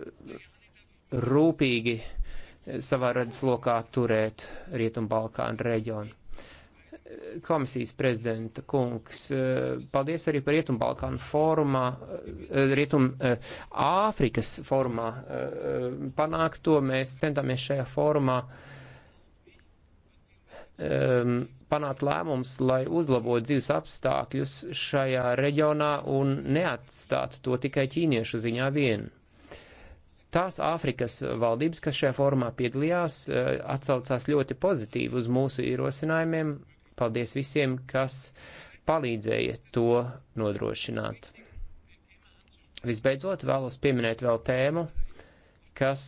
rūpīgi savā redzes lokā turēt Rietumbalkānu reģionu komisijas prezidenta kungs, eh, paldies arī par Rietumu Balkānu fórumā, eh, Rietumu eh, Āfrikas fórumā panākto. Mēs centāmies šajā fórumā panākt lēmums, lai uzlabotu dzīves apstākļus šajā reģionā un neatstātu to tikai ķīniešu ziņā vien. Tās Āfrikas valdības, kas šajā formā piedalījās, atsaucās ļoti pozitīvi uz mūsu ierosinājumiem, Paldies visiem, kas palīdzēja to nodrošināt. Visbeidzot, vēlos pieminēt vēl tēmu, kas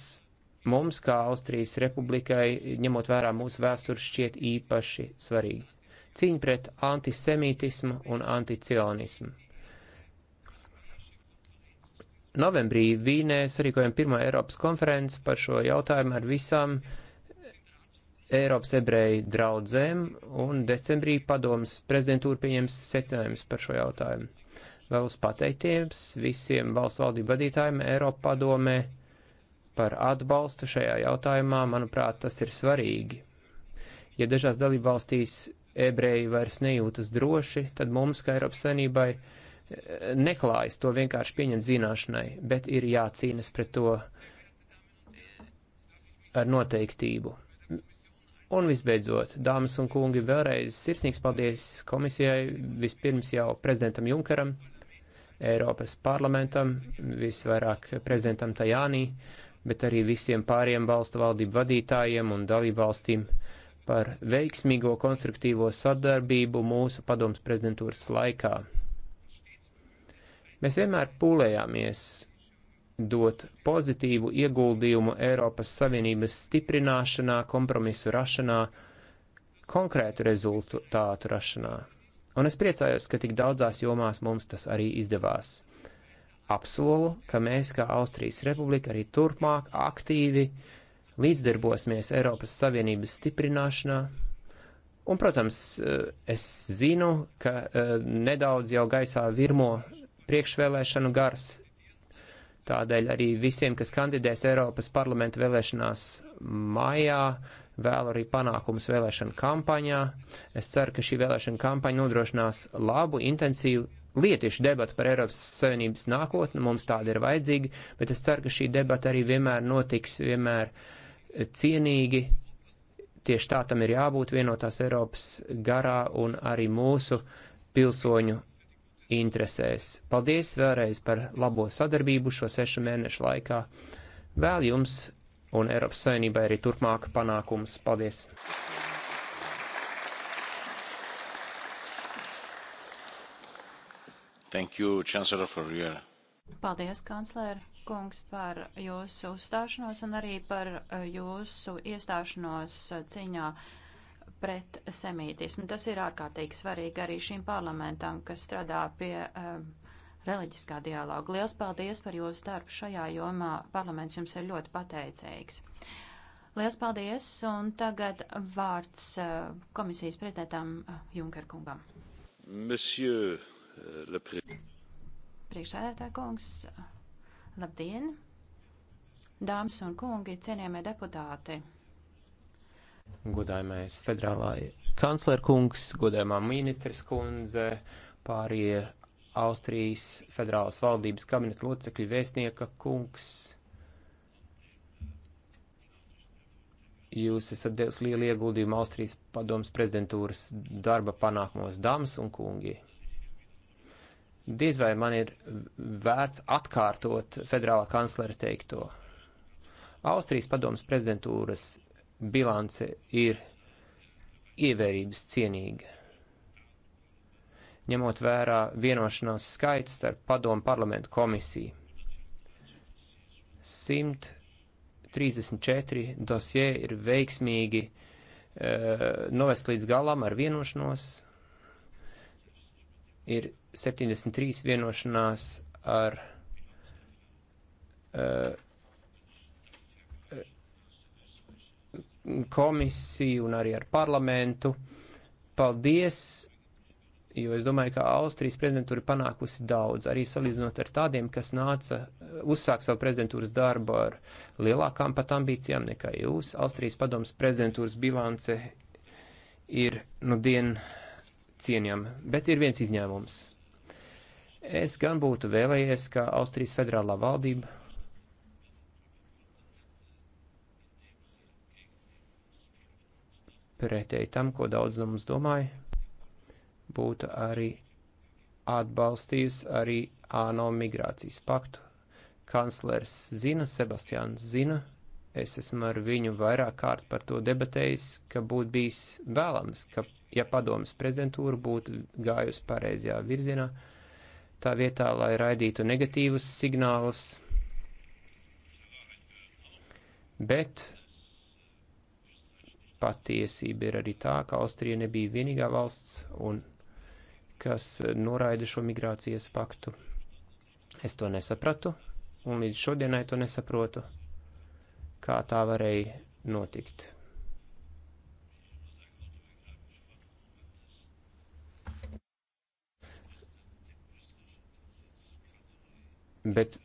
mums, kā Austrijas republikai, ņemot vērā mūsu vēsturi, šķiet īpaši svarīga. Cīņa pret antisemītismu un anticionismu. Novembrī Vīnē sarīkojam pirmo Eiropas konferenci par šo jautājumu ar visām uh, Eiropas ebreju draudzēm, un decembrī padomas prezidentūra pieņems secinājumus par šo jautājumu. Vēlos pateikties visiem valsts valdību vadītājiem Eiropa padomē par atbalstu šajā jautājumā. Manuprāt, tas ir svarīgi. Ja dažās dalību valstīs ebreji vairs nejūtas droši, tad mums, kā Eiropas savinībai, neklājas to vienkārši pieņemt zināšanai, bet ir jācīnas pret to ar noteiktību. Un visbeidzot, dāmas un kungi, vēlreiz sirsnīgs paldies komisijai, vispirms jau prezidentam Junkeram, Eiropas parlamentam, visvairāk prezidentam Tajānī, bet arī visiem pāriem valstu valdību vadītājiem un dalību valstīm par veiksmīgo konstruktīvo sadarbību mūsu padomas prezidentūras laikā. Mēs vienmēr pūlējāmies dot pozitīvu ieguldījumu Eiropas Savienības stiprināšanā, kompromisu rašanā, konkrētu rezultātu rašanā. Un es priecājos, ka tik daudzās jomās mums tas arī izdevās. Apsolu, ka mēs, kā Austrijas Republika, arī turpmāk aktīvi līdzdarbosimies Eiropas Savienības stiprināšanā, Un, protams, eh, es zinu, ka eh, nedaudz jau gaisā virmo priekšvēlēšanu gars Tādēļ arī visiem, kas kandidēs Eiropas parlamenta vēlēšanās maijā, vēlu arī panākumus vēlēšana kampaņā. Es ceru, ka šī vēlēšana kampaņa nodrošinās labu, intensīvu, lietišu debatu par Eiropas Savienības nākotni. Mums tāda ir vajadzīga, bet es ceru, ka šī debata arī vienmēr notiks, vienmēr cienīgi. Tieši tā tam ir jābūt vienotās Eiropas garā un arī mūsu pilsoņu interesēs. Paldies vēlreiz par labo sadarbību šo sešu mēnešu laikā. Vēl jums un Eiropas Savienībai arī turpmāk panākums. Paldies! Thank you, Chancellor, for your... Paldies, kanclēri kungs, par jūsu uzstāšanos un arī par eh, jūsu iestāšanos eh, ciņā pret semītismu. Tas ir ārkārtīgi svarīgi arī šim parlamentam, kas strādā pie um, reliģiskā dialoga. Liels paldies par jūsu darbu šajā jomā. Parlaments jums ir ļoti pateicīgs. Liels paldies, un tagad vārds uh, komisijas prezidentam uh, Junkerkungam. Monsieur uh, le président. Priekšsēdētāj kungs, uh, labdien! Dāmas un kungi, cienījamie deputāti! godājumais federālā kanclerkungs, godājumā ministres kundze, pārie Austrijas federālās valdības kabineta locekļu vēstnieka kungs. Jūs esat devis lielu ieguldījumu Austrijas padomas prezidentūras darba panākumos, dāmas un kungi. Diez vai man ir vērts atkārtot federālā kanclera teikto. Austrijas padomas prezidentūras bilance ir ievērības cienīga. Ņemot vērā vienošanās skaits starp padomu parlamentu komisiju. 134 dosie ir veiksmīgi e, novest līdz galam ar vienošanos. Ir 73 vienošanās ar e, komisiju un arī ar parlamentu. Paldies, jo es domāju, ka Austrijas prezidentūra ir panākusi daudz, arī salīdzinot ar tādiem, kas nāca uzsākt savu prezidentūras darbu ar lielākām pat ambīcijām nekā jūs. Austrijas padomas prezidentūras bilance ir nu dien cienījama, bet ir viens izņēmums. Es gan būtu vēlējies, ka Austrijas federālā valdība pretēji tam, ko daudz no mums domāja, būtu arī atbalstījusi arī ANO migrācijas paktu. Kanclers zina, Sebastians zina, es esmu ar viņu vairāk kārt par to debatējis, ka būtu bijis vēlams, ka, ja padomas prezidentūra būtu gājusi pareizajā virzienā, tā vietā, lai raidītu negatīvus signālus, bet Patiesība ir arī tā, ka Austrija nebija vienīgā valsts, un, kas noraida šo migrācijas paktu. Es to nesapratu, un līdz šodienai to nesaprotu, kā tā varēja notikt. Bet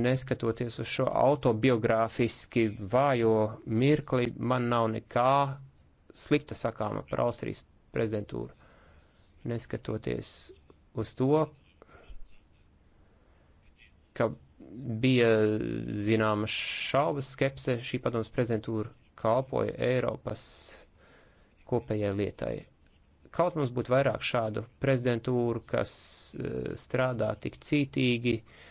neskatoties uz šo autobiogrāfiski vājo mirkli, man nav nekā slikta sakāma par Austrijas prezidentūru. Neskatoties uz to, ka bija zināmas šaubas, skepse, šī padomas prezidentūra kalpoja Eiropas kopējai lietai. Kaut mums būtu vairāk šādu prezidentūru, kas eh, strādā tik cītīgi, uh,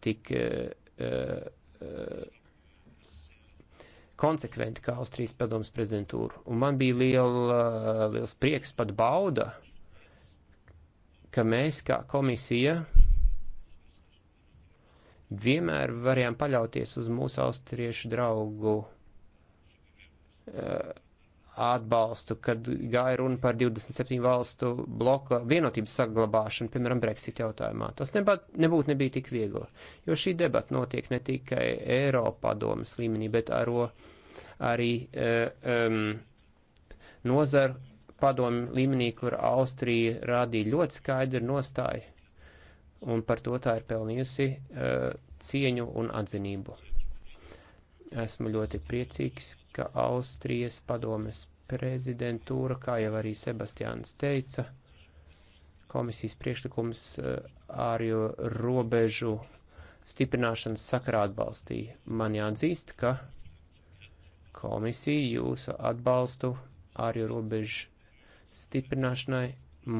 tik uh, uh, konsekventi kā Austrijas padomas prezidentūra. Un man bija liela, uh, liels prieks, pat bauda, ka mēs kā komisija vienmēr varējām paļauties uz mūsu austriešu draugu. Uh, atbalstu, kad gāja runa par 27 valstu bloka vienotības saglabāšanu, piemēram, Brexit jautājumā. Tas nebat, nebūtu nebija tik viegli, jo šī debata notiek ne tikai Eiropā domas līmenī, bet aro, arī uh, um, nozaru padomu līmenī, kur Austrija rādīja ļoti skaidru nostāju, un par to tā ir pelnījusi uh, cieņu un atzinību. Esmu ļoti priecīgs, ka Austrijas padomes prezidentūra, kā jau arī Sebastiāns teica, komisijas priekšlikums eh, ārjo robežu stiprināšanas sakarā atbalstīja. Man jāatzīst, ka komisija jūsu atbalstu ārjo robežu stiprināšanai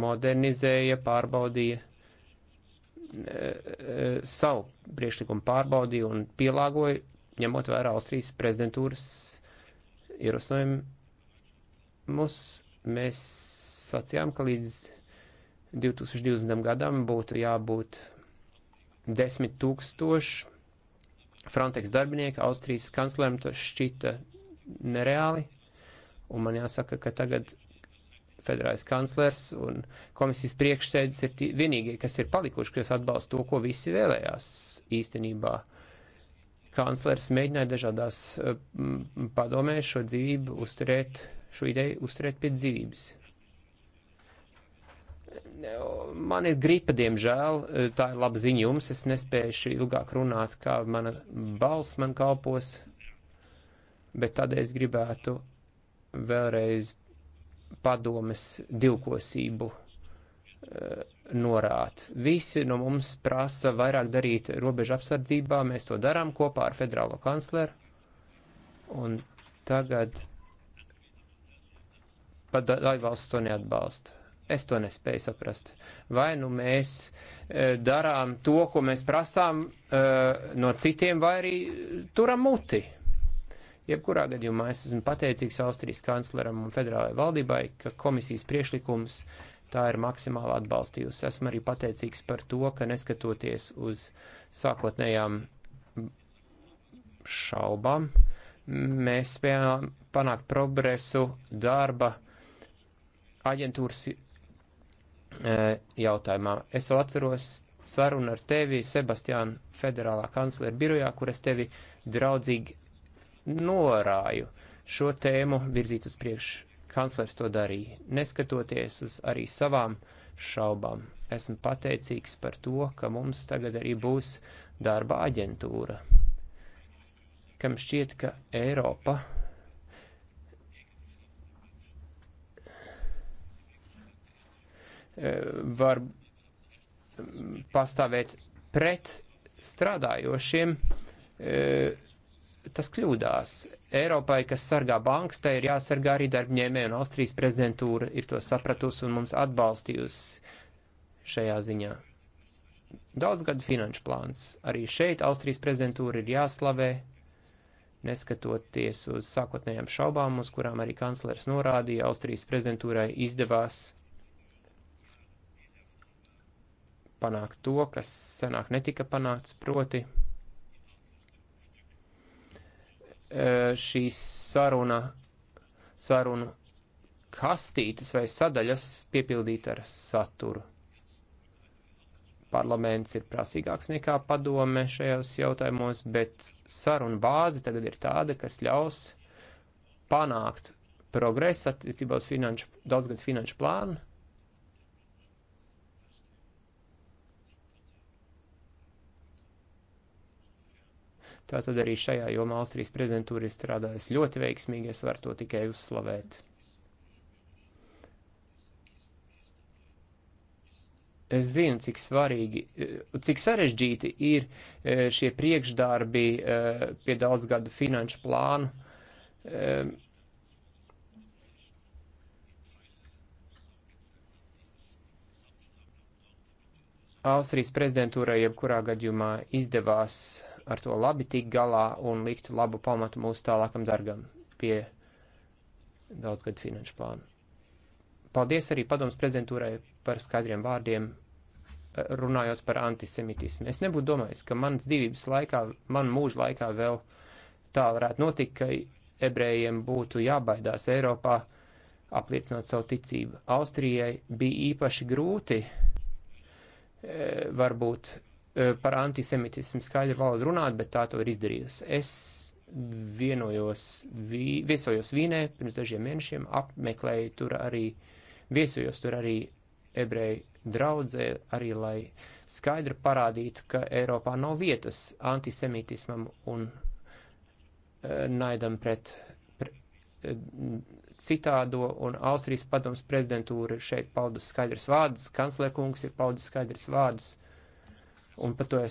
modernizēja, pārbaudīja eh, eh, savu priekšlikumu pārbaudīja un pielāgoja, ņemot vērā Austrijas prezidentūras ierosinājumu Mums, mēs sacījām, ka līdz 2020. gadam būtu jābūt 10 tūkstoši Frontex darbinieku. Austrijas kanclerim tas šķita nereāli. Un man jāsaka, ka tagad federālais kanclers un komisijas priekšsēdis ir vienīgie, kas ir palikuši, kas atbalsta to, ko visi vēlējās īstenībā. Kanclers mēģināja dažādās eh, padomēs šo dzīvību uzturēt šo ideju uzturēt pie dzīvības. Man ir gripa, diemžēl, tā ir laba ziņa jums, es nespēju ilgāk runāt, kā mana balss man kalpos, bet tādēļ es gribētu vēlreiz padomes divkosību eh, norāt. Visi no mums prasa vairāk darīt robežu apsardzībā, mēs to darām kopā ar federālo kancleru, un tagad pat dalībvalsts to neatbalsta. Es to nespēju saprast. Vai nu mēs e, darām to, ko mēs prasām e, no citiem, vai arī turam muti. Jebkurā gadījumā es esmu pateicīgs Austrijas kancleram un federālajai valdībai, ka komisijas priešlikums tā ir maksimāli atbalstījusi. Esmu arī pateicīgs par to, ka neskatoties uz sākotnējām šaubām, mēs spējām panākt progresu darba aģentūras e, jautājumā. Es vēl atceros sarunu ar tevi, Sebastiānu, federālā kanclera birojā, kur es tevi draudzīgi norāju šo tēmu virzīt uz priekšu. Kanclers to darīja, neskatoties uz arī savām šaubām. Esmu pateicīgs par to, ka mums tagad arī būs darba aģentūra, kam šķiet, ka Eiropa Eh, var pastāvēt pret strādājošiem, eh, tas kļūdās. Eiropai, kas sargā bankas, tai ir jāsargā arī darbņēmē, un Austrijas prezidentūra ir to sapratusi un mums atbalstījusi šajā ziņā. Daudzgadu finanšu plāns. Arī šeit Austrijas prezidentūra ir jāslavē, neskatoties uz sākotnējām šaubām, uz kurām arī kanclers norādīja, Austrijas prezidentūrai izdevās panākt to, kas senāk netika panākts, proti e, šīs saruna, sarunu kastītes vai sadaļas piepildīt ar saturu. Parlaments ir prasīgāks nekā padome šajos jautājumos, bet saruna bāze tagad ir tāda, kas ļaus panākt progresu attiecībā uz finanšu, daudzgad finanšu plānu Tātad arī šajā jomā Austrijas prezidentūra ir strādājusi ļoti veiksmīgi, es varu to tikai uzslavēt. Es zinu, cik svarīgi, cik sarežģīti ir e, šie priekšdarbi e, pie daudzgadu finanšu plānu. E, Austrijas prezidentūrai jebkurā gadījumā izdevās ar to labi tik galā un likt labu pamatu mūsu tālākam dargam pie daudzgadu finanšu plānu. Paldies arī padoms prezidentūrai par skaidriem vārdiem, eh, runājot par antisemitismu. Es nebūtu domājis, ka manas dzīvības laikā, man mūža laikā vēl tā varētu notikt, ka ebrejiem būtu jābaidās Eiropā apliecināt savu ticību. Austrijai bija īpaši grūti eh, varbūt Eh, par antisemitismu skaidru valodu runāt, bet tā to ir izdarījusi. Es vienojos, vi, viesojos Vīnē pirms dažiem mēnešiem, apmeklēju tur arī, viesojos tur arī ebreju draudzē, arī lai skaidri parādītu, ka Eiropā nav vietas antisemitismam un e, naidam pret, pret e, eh, citādo, un Austrijas padoms prezidentūra šeit paudus skaidrs vārdus, kanclerkungs ir paudus skaidrs vārdus. E, un par to es